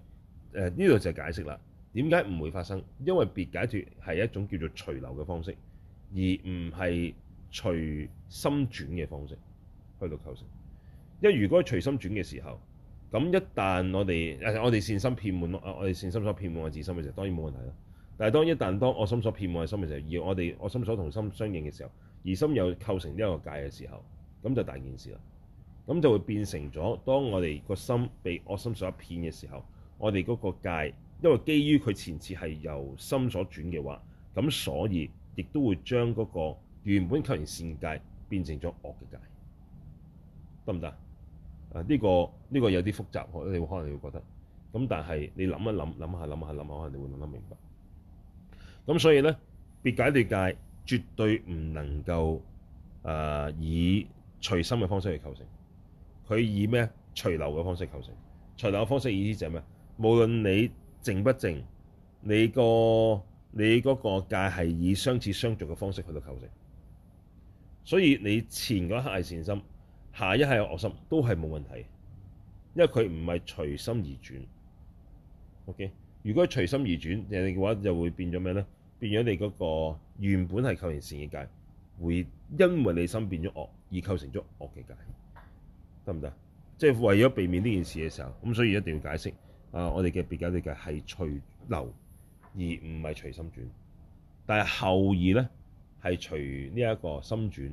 誒呢度就解釋啦。點解唔會發生？因為別解脫係一種叫做隨流嘅方式，而唔係隨心轉嘅方式去到構成。因為如果隨心轉嘅時候，咁一旦我哋，誒我哋善心遍滿我，我哋善心所遍滿我自心嘅時候，當然冇問題啦。但係當一旦當我心所遍滿我心嘅時候，而我哋我心所同心相應嘅時候，而心又構成呢一個界嘅時候，咁就大件事啦。咁就會變成咗當我哋個心被惡心所騙嘅時候，我哋嗰個界，因為基於佢前次係由心所轉嘅話，咁所以亦都會將嗰個原本構成善界變成咗惡嘅界，得唔得？啊、這個，呢個呢個有啲複雜，你會可能會覺得。咁但係你諗一諗，諗下諗下諗下，可能你會諗得明白。咁所以咧，別解脫戒，絕對唔能夠啊、呃、以隨心嘅方式去構成。佢以咩啊？隨流嘅方式構成。隨流嘅方式意思就係咩？無論你淨不淨，你個你嗰個戒係以相似相續嘅方式去到構成。所以你前嗰一刻係善心。下一係惡心都係冇問題，因為佢唔係隨心而轉。OK，如果隨心而轉，人哋嘅話就會變咗咩咧？變咗你嗰個原本係構成善嘅戒，會因為你心變咗惡，而構成咗惡嘅戒，得唔得？即係為咗避免呢件事嘅時候，咁所以一定要解釋啊！我哋嘅別解脫戒係隨流而唔係隨心轉，但係後二咧係隨呢一個心轉。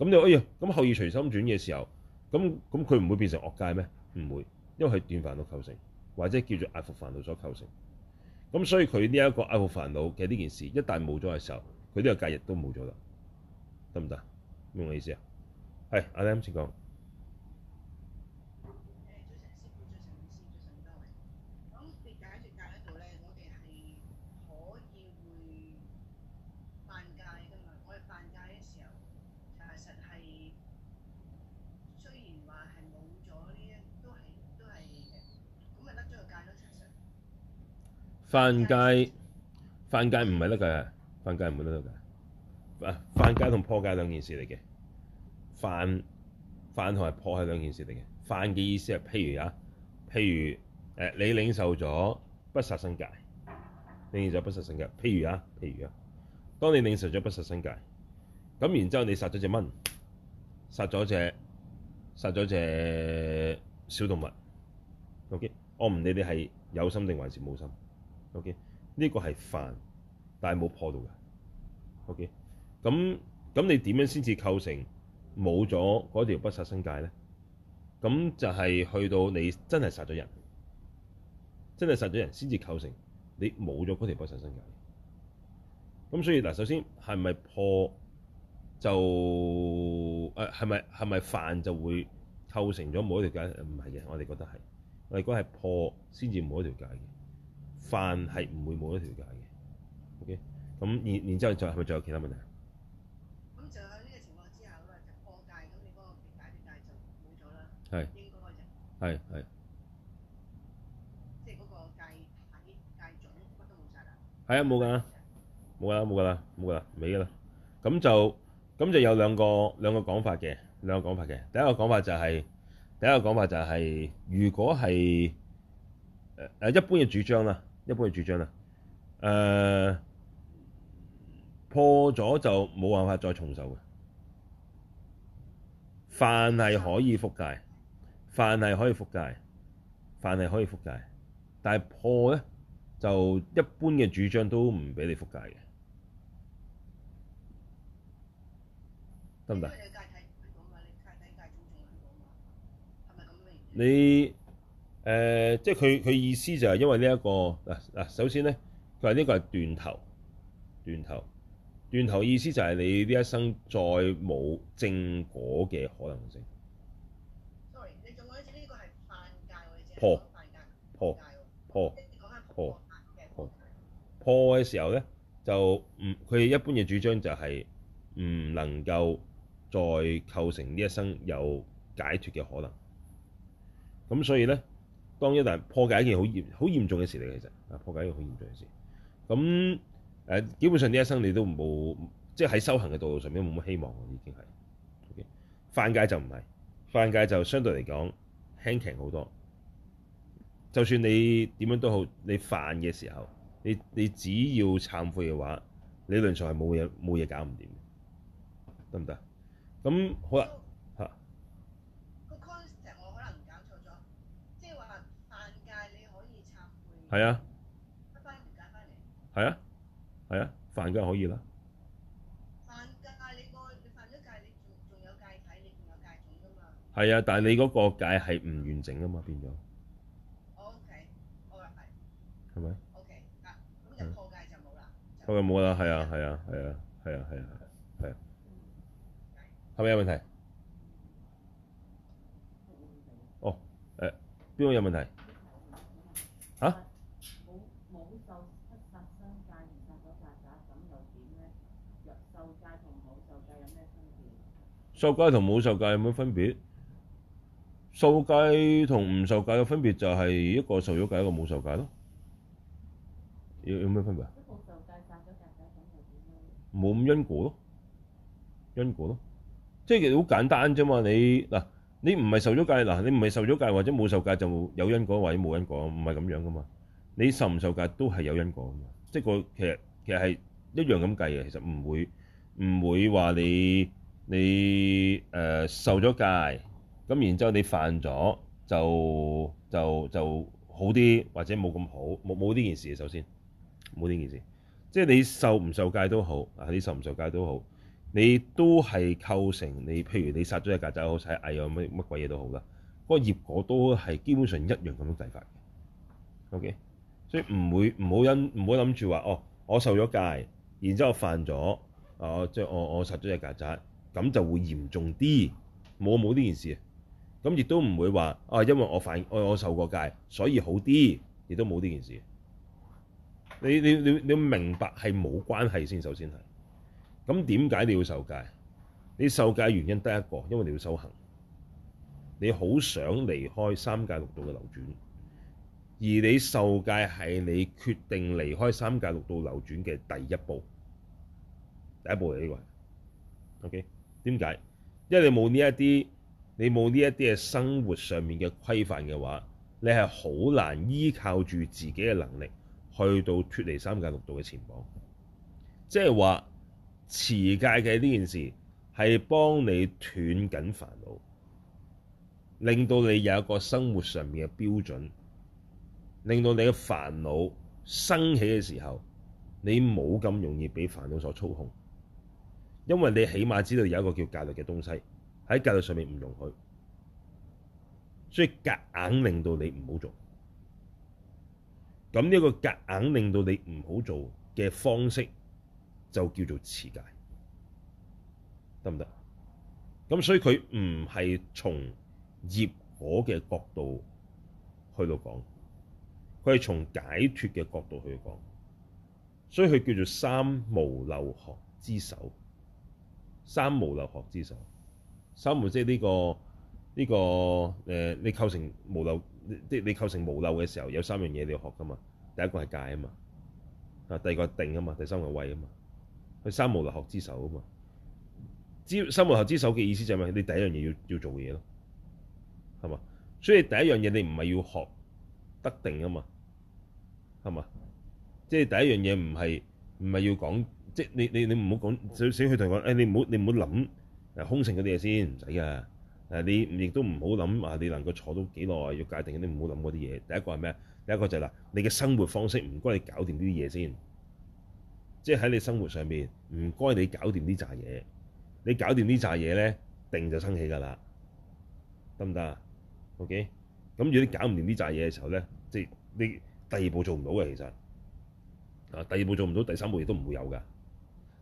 咁你話，哎、呀，咁後二隨心轉嘅時候，咁咁佢唔會變成惡戒咩？唔會，因為係斷煩惱構成，或者叫做壓服煩惱所構成。咁所以佢呢一個壓服煩惱嘅呢件事，一旦冇咗嘅時候，佢呢個戒亦都冇咗啦，得唔得？明我意思啊？係，阿 d a n 講。犯戒，犯戒唔係得噶，犯戒唔會得噶。啊，犯戒同破戒兩件事嚟嘅。犯犯同係破戒兩件事嚟嘅。犯嘅意思係譬如啊，譬如誒、呃，你領受咗不殺生戒，領受咗不殺生戒。譬如啊，譬如啊，當你領受咗不殺生戒，咁然之後你殺咗隻蚊，殺咗隻殺咗隻小動物。OK，我唔理你係有心定還是冇心。OK，呢個係犯，但係冇破到嘅。OK，咁咁你點樣先至構成冇咗嗰條不殺生戒咧？咁就係去到你真係殺咗人，真係殺咗人先至構成你冇咗嗰條不殺生戒。咁所以嗱，首先係咪破就誒係咪係咪犯就會構成咗冇一條戒？唔係嘅，我哋覺得係我哋講係破先至冇一條戒的。嘅。飯係唔會冇一條戒嘅，OK，咁然然之後再係咪仲有其他問題啊？咁就喺呢個情況之下，咁啊破戒咁，你嗰個跌界跌界就冇咗啦，係應該嘅啫，係係，即係嗰個戒體戒總乜都冇曬啦。係啊，冇㗎，冇㗎啦，冇㗎啦，冇㗎啦，尾㗎啦。咁就咁就有兩個兩個講法嘅，兩個講法嘅。第一個講法就係，第一個講法就係，如果係誒誒一般嘅主張啦。一般嘅主張啦，誒、呃、破咗就冇辦法再重受嘅。犯係可以覆戒，犯係可以覆戒，犯係可以覆戒，但係破咧就一般嘅主張都唔俾你覆戒嘅，得唔得？你，你？你誒、呃，即係佢佢意思就係因為呢、這、一個嗱嗱，首先咧，佢話呢個係斷頭斷頭斷頭，意思就係你呢一生再冇正果嘅可能性。Sorry，你仲講一次呢個係破破破破破破嘅時候咧，就唔佢一般嘅主張就係唔能夠再構成呢一生有解脫嘅可能。咁所以咧。當一旦破戒一件好嚴好嚴重嘅事嚟嘅，其實啊，破戒一件好嚴重嘅事。咁誒，基本上呢一生你都冇，即係喺修行嘅道路上面冇乜希望已經係。OK? 犯戒就唔係，犯戒就相對嚟講輕鬆好多。就算你點樣都好，你犯嘅時候，你你只要懺悔嘅話，理論上係冇嘢冇嘢搞唔掂，得唔得？咁好啦。係啊，一班唔介翻嚟。係啊，係啊，犯戒係可以啦。犯戒你個你犯咗戒，你仲仲有戒體，你仲有戒種噶嘛？係啊，但係你嗰個戒係唔完整噶嘛？變咗。我 OK，我話係。係咪？OK，嗱，咁破戒就冇啦。破戒冇啦，係啊，係啊，係啊，係啊，係啊，係啊。後面有問題？哦、嗯，誒、啊，邊位有問題？嚇？受戒同冇受戒有咩分別？受戒同唔受戒嘅分別就係一個受咗戒，一個冇受戒咯。有有咩分別啊？冇咁因果咯，因果咯，即係其實好簡單啫嘛。你嗱，你唔係受咗戒嗱，你唔係受咗戒或者冇受戒，就有因果或者冇因果，唔係咁樣噶嘛。你受唔受戒都係有因果噶嘛。即係個其實其實係一樣咁計嘅，其實唔會唔會話你。你誒、呃、受咗戒，咁然之後你犯咗就就就好啲，或者冇咁好，冇冇呢件事。首先冇呢件事，即係你受唔受戒都好啊！你受唔受戒都好，你都係構成你。譬如你殺咗隻曱甴好使，蟻啊乜乜鬼嘢都好啦，個業果都係基本上一樣咁樣製法嘅。OK，所以唔會唔好因唔好諗住話哦，我受咗戒，然之後犯咗啊、哦，即係我我殺咗隻曱甴。咁就會嚴重啲，冇冇呢件事。咁亦都唔會話啊，哦，因為我反，我我受過戒，所以好啲，亦都冇呢件事。你你你你明白係冇關係先，首先係。咁點解你要受戒？你受戒原因得一個，因為你要修行。你好想離開三界六道嘅流轉，而你受戒係你決定離開三界六道流轉嘅第一步，第一步嚟呢個。OK。點解？因為你冇呢一啲，你冇呢一啲嘅生活上面嘅規範嘅話，你係好難依靠住自己嘅能力去到脫離三界六道嘅前綫。即係話持戒嘅呢件事係幫你斷緊煩惱，令到你有一個生活上面嘅標準，令到你嘅煩惱生起嘅時候，你冇咁容易俾煩惱所操控。因為你起碼知道有一個叫戒律嘅東西，喺戒律上面唔容許，所以夾硬令到你唔好做。咁呢一個夾硬令到你唔好做嘅方式，就叫做持戒，得唔得？咁所以佢唔係從業果嘅角度去到講，佢係從解脱嘅角度去講，所以佢叫做三無漏學之首。三無漏學之首，三無即係呢個呢個誒你構成無漏，即係你，你構成無漏嘅時候，有三樣嘢你要學噶嘛。第一個係戒啊嘛，啊第二個定啊嘛，第三個慧啊嘛。佢三無漏學之首啊嘛，三無漏學之首嘅意思就係你第一樣嘢要要做嘢咯，係嘛？所以第一樣嘢你唔係要學得定啊嘛，係嘛？即係第一樣嘢唔係唔係要講。即係你你你唔好講，最首先同你講，你唔好你唔好諗誒空性嗰啲嘢先，唔使㗎。誒你亦都唔好諗啊，你能夠坐到幾耐欲界定你唔好諗嗰啲嘢。第一個係咩？第一個就係嗱，你嘅生活方式唔該你搞掂呢啲嘢先，即係喺你生活上面唔該你搞掂呢紮嘢。你搞掂呢紮嘢咧，定就生起㗎啦，得唔得啊？OK。咁如果你搞唔掂呢紮嘢嘅時候咧，即係你第二步做唔到嘅其實，啊第二步做唔到，第三步亦都唔會有㗎。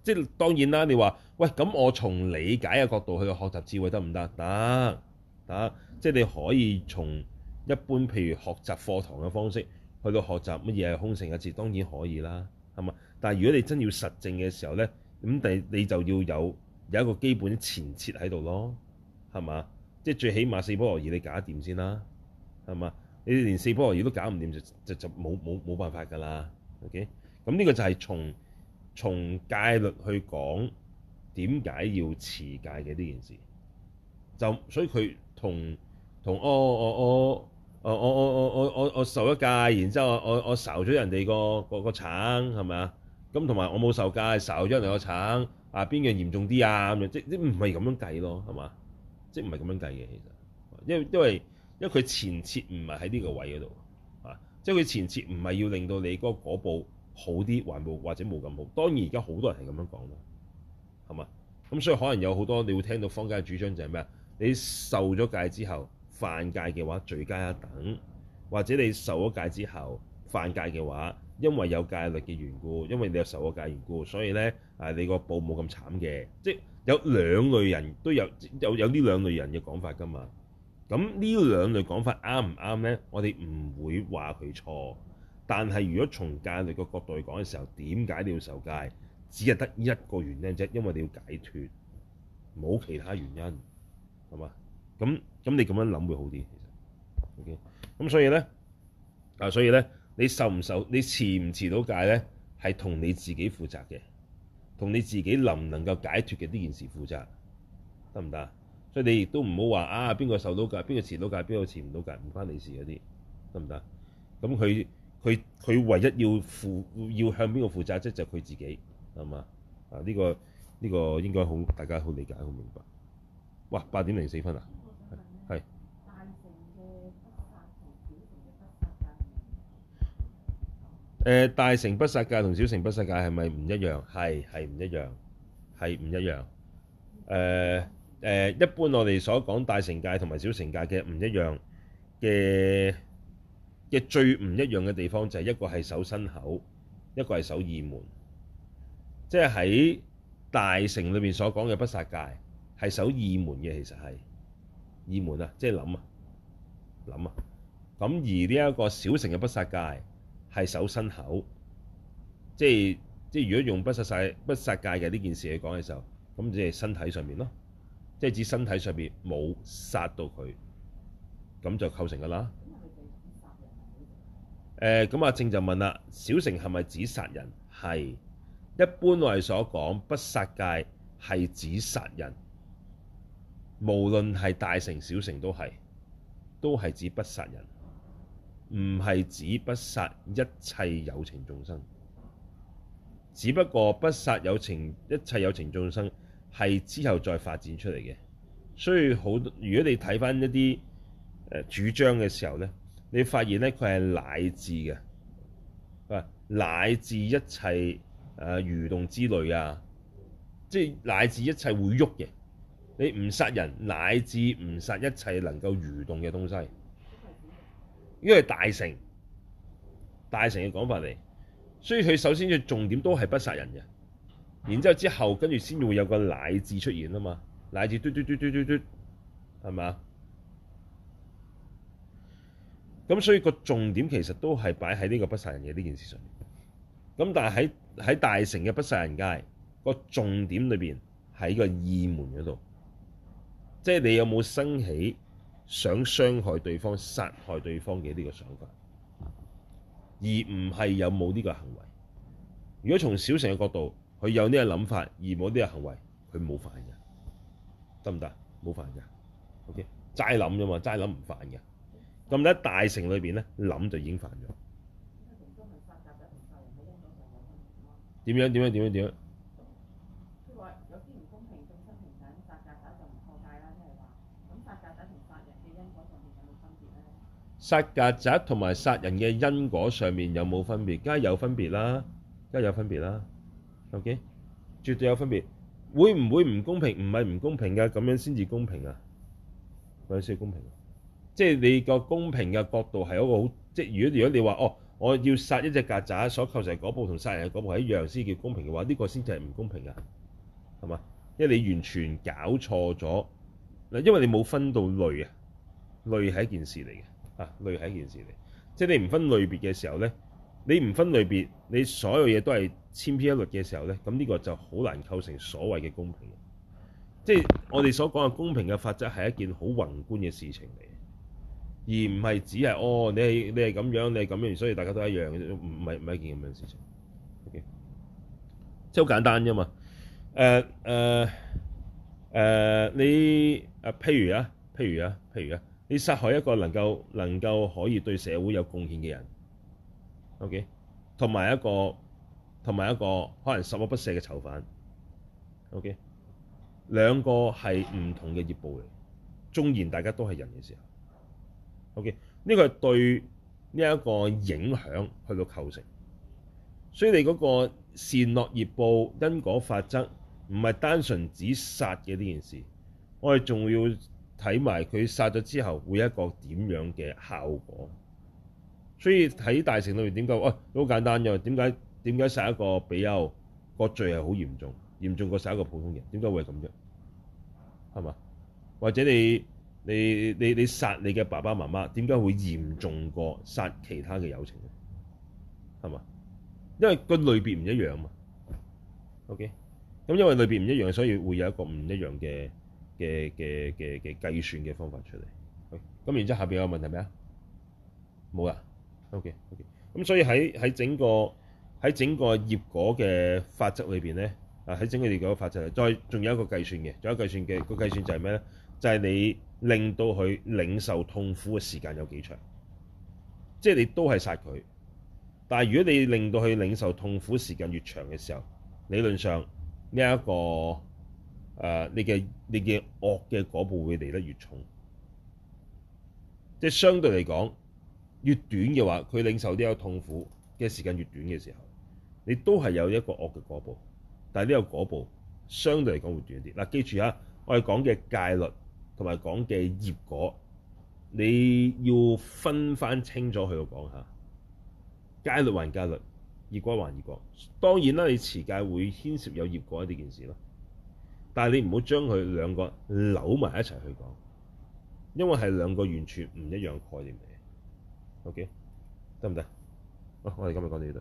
即係當然啦，你話喂咁，我從理解嘅角度去學習智慧得唔得？得得，即係你可以從一般譬如學習課堂嘅方式去到學習乜嘢係空性嘅字，當然可以啦，係嘛？但係如果你真要實證嘅時候咧，咁第你就要有有一個基本前設喺度咯，係嘛？即係最起碼四波羅夷你搞掂先啦，係嘛？你連四波羅夷都搞唔掂就就就冇冇冇辦法㗎啦。OK，咁呢個就係從。從戒律去講點解要持戒嘅呢件事，就所以佢同同哦我我我我我我哦哦，哦，哦，哦，哦，哦，哦受一戒，然之後我我我受咗人哋個個個橙係咪啊？咁同埋我冇受戒，受咗人哋個橙，啊邊樣嚴重啲啊？咁樣、啊、即係唔係咁樣計咯，係嘛？即唔係咁樣計嘅其實，因為因為因為佢前設唔係喺呢個位嗰度啊，即係佢前設唔係要令到你嗰個好啲，還冇或者冇咁好。當然而家好多人係咁樣講啦，係嘛？咁所以可能有好多你會聽到坊間嘅主張就係咩啊？你受咗戒之後犯戒嘅話，罪加一等；或者你受咗戒之後犯戒嘅話，因為有戒律嘅緣故，因為你有受咗戒嘅緣故，所以呢，你個報冇咁慘嘅。即係有兩類人都有有有呢兩類人嘅講法㗎嘛。咁呢兩類講法啱唔啱呢？我哋唔會話佢錯。但係，如果從戒律嘅角度去講嘅時候，點解你要受戒？只係得一個原因啫，因為你要解脫，冇其他原因，係嘛？咁咁，你咁樣諗會好啲。其實 OK，咁所以咧啊，所以咧，你受唔受，你持唔持到戒咧，係同你自己負責嘅，同你自己能唔能夠解脫嘅呢件事負責，得唔得？所以你亦都唔好話啊，邊個受到戒，邊個持到戒，邊個持唔到戒，唔關你事嗰啲，得唔得？咁佢。佢佢唯一要負要向邊個負責，即係就佢、是、自己，係嘛？啊，呢、這個呢、這個應該好大家好理解好明白。哇！八點零四分啊，係、這個。大乘不殺戒同小乘不殺戒係咪唔一樣？係係唔一樣，係唔一樣。誒、呃、誒、呃，一般我哋所講大乘戒同埋小乘戒嘅唔一樣嘅。嘅最唔一樣嘅地方就係、是、一個係守身口，一個係守意門。即係喺大城裏面所講嘅不殺戒係守意門嘅，其實係意門，門啊，即係諗啊，諗啊。咁而呢一個小城嘅不殺戒係守身口，即係即係如果用不殺曬不殺戒嘅呢件事嚟講嘅時候，咁即係身體上面咯，即係指身體上面冇殺到佢，咁就構成㗎啦。誒咁啊，正就問啦，小乘係咪指殺人？係一般我哋所講不殺戒係指殺人，無論係大乘、小乘都，都係，都係指不殺人，唔係指不殺一切有情眾生。只不過不殺有情一切有情眾生係之後再發展出嚟嘅，所以好如果你睇翻一啲主張嘅時候呢。」你發現咧，佢係乃至嘅，佢話乃至一切誒蠕、啊、動之類啊，即係乃至一切會喐嘅，你唔殺人，乃至唔殺一切能夠蠕動嘅東西，因為大成大成嘅講法嚟，所以佢首先嘅重點都係不殺人嘅，然之後之後跟住先會有個乃字出現啊嘛，乃至嘟嘟嘟嘟嘟嘟，嘟，係咪啊？咁所以個重點其實都係擺喺呢個不殺人嘅呢件事上面。咁但係喺喺大乘嘅不殺人戒個重點裏邊，喺個意門嗰度，即係你有冇生起想傷害對方、殺害對方嘅呢個想法，而唔係有冇呢個行為。如果從小乘嘅角度，佢有呢個諗法而冇呢個行為，佢冇犯嘅得唔得？冇犯噶，O K，齋諗啫嘛，齋諗唔犯嘅。咁喺大乘裏邊咧，諗就已經犯咗。點樣？點樣？點樣？點樣？佢話：如果唔公平，仲執停緊殺曱甴就唔錯解啦。即係話，咁殺曱甴同殺人嘅因果上面有冇分別咧？殺曱甴同埋殺人嘅因果上面有冇分別？梗係有分別啦，梗係有分別啦。OK，絕對有分別。會唔會唔公平？唔係唔公平㗎，咁樣先至公平啊。點先叫公平？即係你個公平嘅角度係一個好即係。如果如果你話哦，我要殺一隻曱甴，所構成嗰部同殺人嘅嗰部係一樣先叫公平嘅話，呢個先至係唔公平㗎，係嘛？因為你完全搞錯咗嗱，因為你冇分到類啊，類係一件事嚟嘅啊，類係一件事嚟。即係你唔分類別嘅時候咧，你唔分類別，你所有嘢都係千篇一律嘅時候咧，咁呢個就好難構成所謂嘅公平。即係我哋所講嘅公平嘅法則係一件好宏觀嘅事情嚟。而唔係只係哦，你係你係咁樣，你係咁樣，所以大家都一樣嘅啫，唔唔係唔係一件咁樣嘅事情。O K，即係好簡單啫嘛。誒誒誒，你誒譬如啊，譬如啊，譬如啊，你殺害一個能夠能夠可以對社會有貢獻嘅人，O K，同埋一個同埋一個可能十惡不赦嘅囚犯，O K，兩個係唔同嘅業報嚟，縱然大家都係人嘅時候。OK，呢個係對呢一個影響去到構成，所以你嗰個善惡業報因果法則唔係單純指殺嘅呢件事，我哋仲要睇埋佢殺咗之後會有一個點樣嘅效果。所以喺大城裏面，點解？喂，好簡單嘅。點解點解殺一個比丘個罪係好嚴重，嚴重過殺一個普通人？點解會係咁啫？係嘛？或者你？你你你殺你嘅爸爸媽媽，點解會嚴重過殺其他嘅有情咧？係嘛？因為個類別唔一樣嘛。OK，咁因為類別唔一樣，所以會有一個唔一樣嘅嘅嘅嘅嘅計算嘅方法出嚟。咁、OK？然之後下邊有個問題咩啊？冇啊。OK，OK、OK, OK。咁所以喺喺整個喺整個業果嘅法則裏邊咧，啊喺整個業果嘅法則，再仲有一個計算嘅，仲有計算嘅，個計算、那個、算就係咩咧？就係、是、你令到佢領受痛苦嘅時間有幾長，即係你都係殺佢，但係如果你令到佢領受痛苦時間越長嘅時候，理論上呢一、這個誒、呃、你嘅你嘅惡嘅果報會嚟得越重，即係相對嚟講，越短嘅話，佢領受呢個痛苦嘅時間越短嘅時候，你都係有一個惡嘅果報，但係呢個果報相對嚟講會短啲。嗱，記住吓，我哋講嘅戒律。同埋講嘅業果，你要分翻清楚個講下，戒律還戒律，業果還業果。當然啦，你持戒會牽涉有業果呢件事咯，但係你唔好將佢兩個扭埋一齊去講，因為係兩個完全唔一樣概念嚟。OK，得唔得？我哋今日講呢度。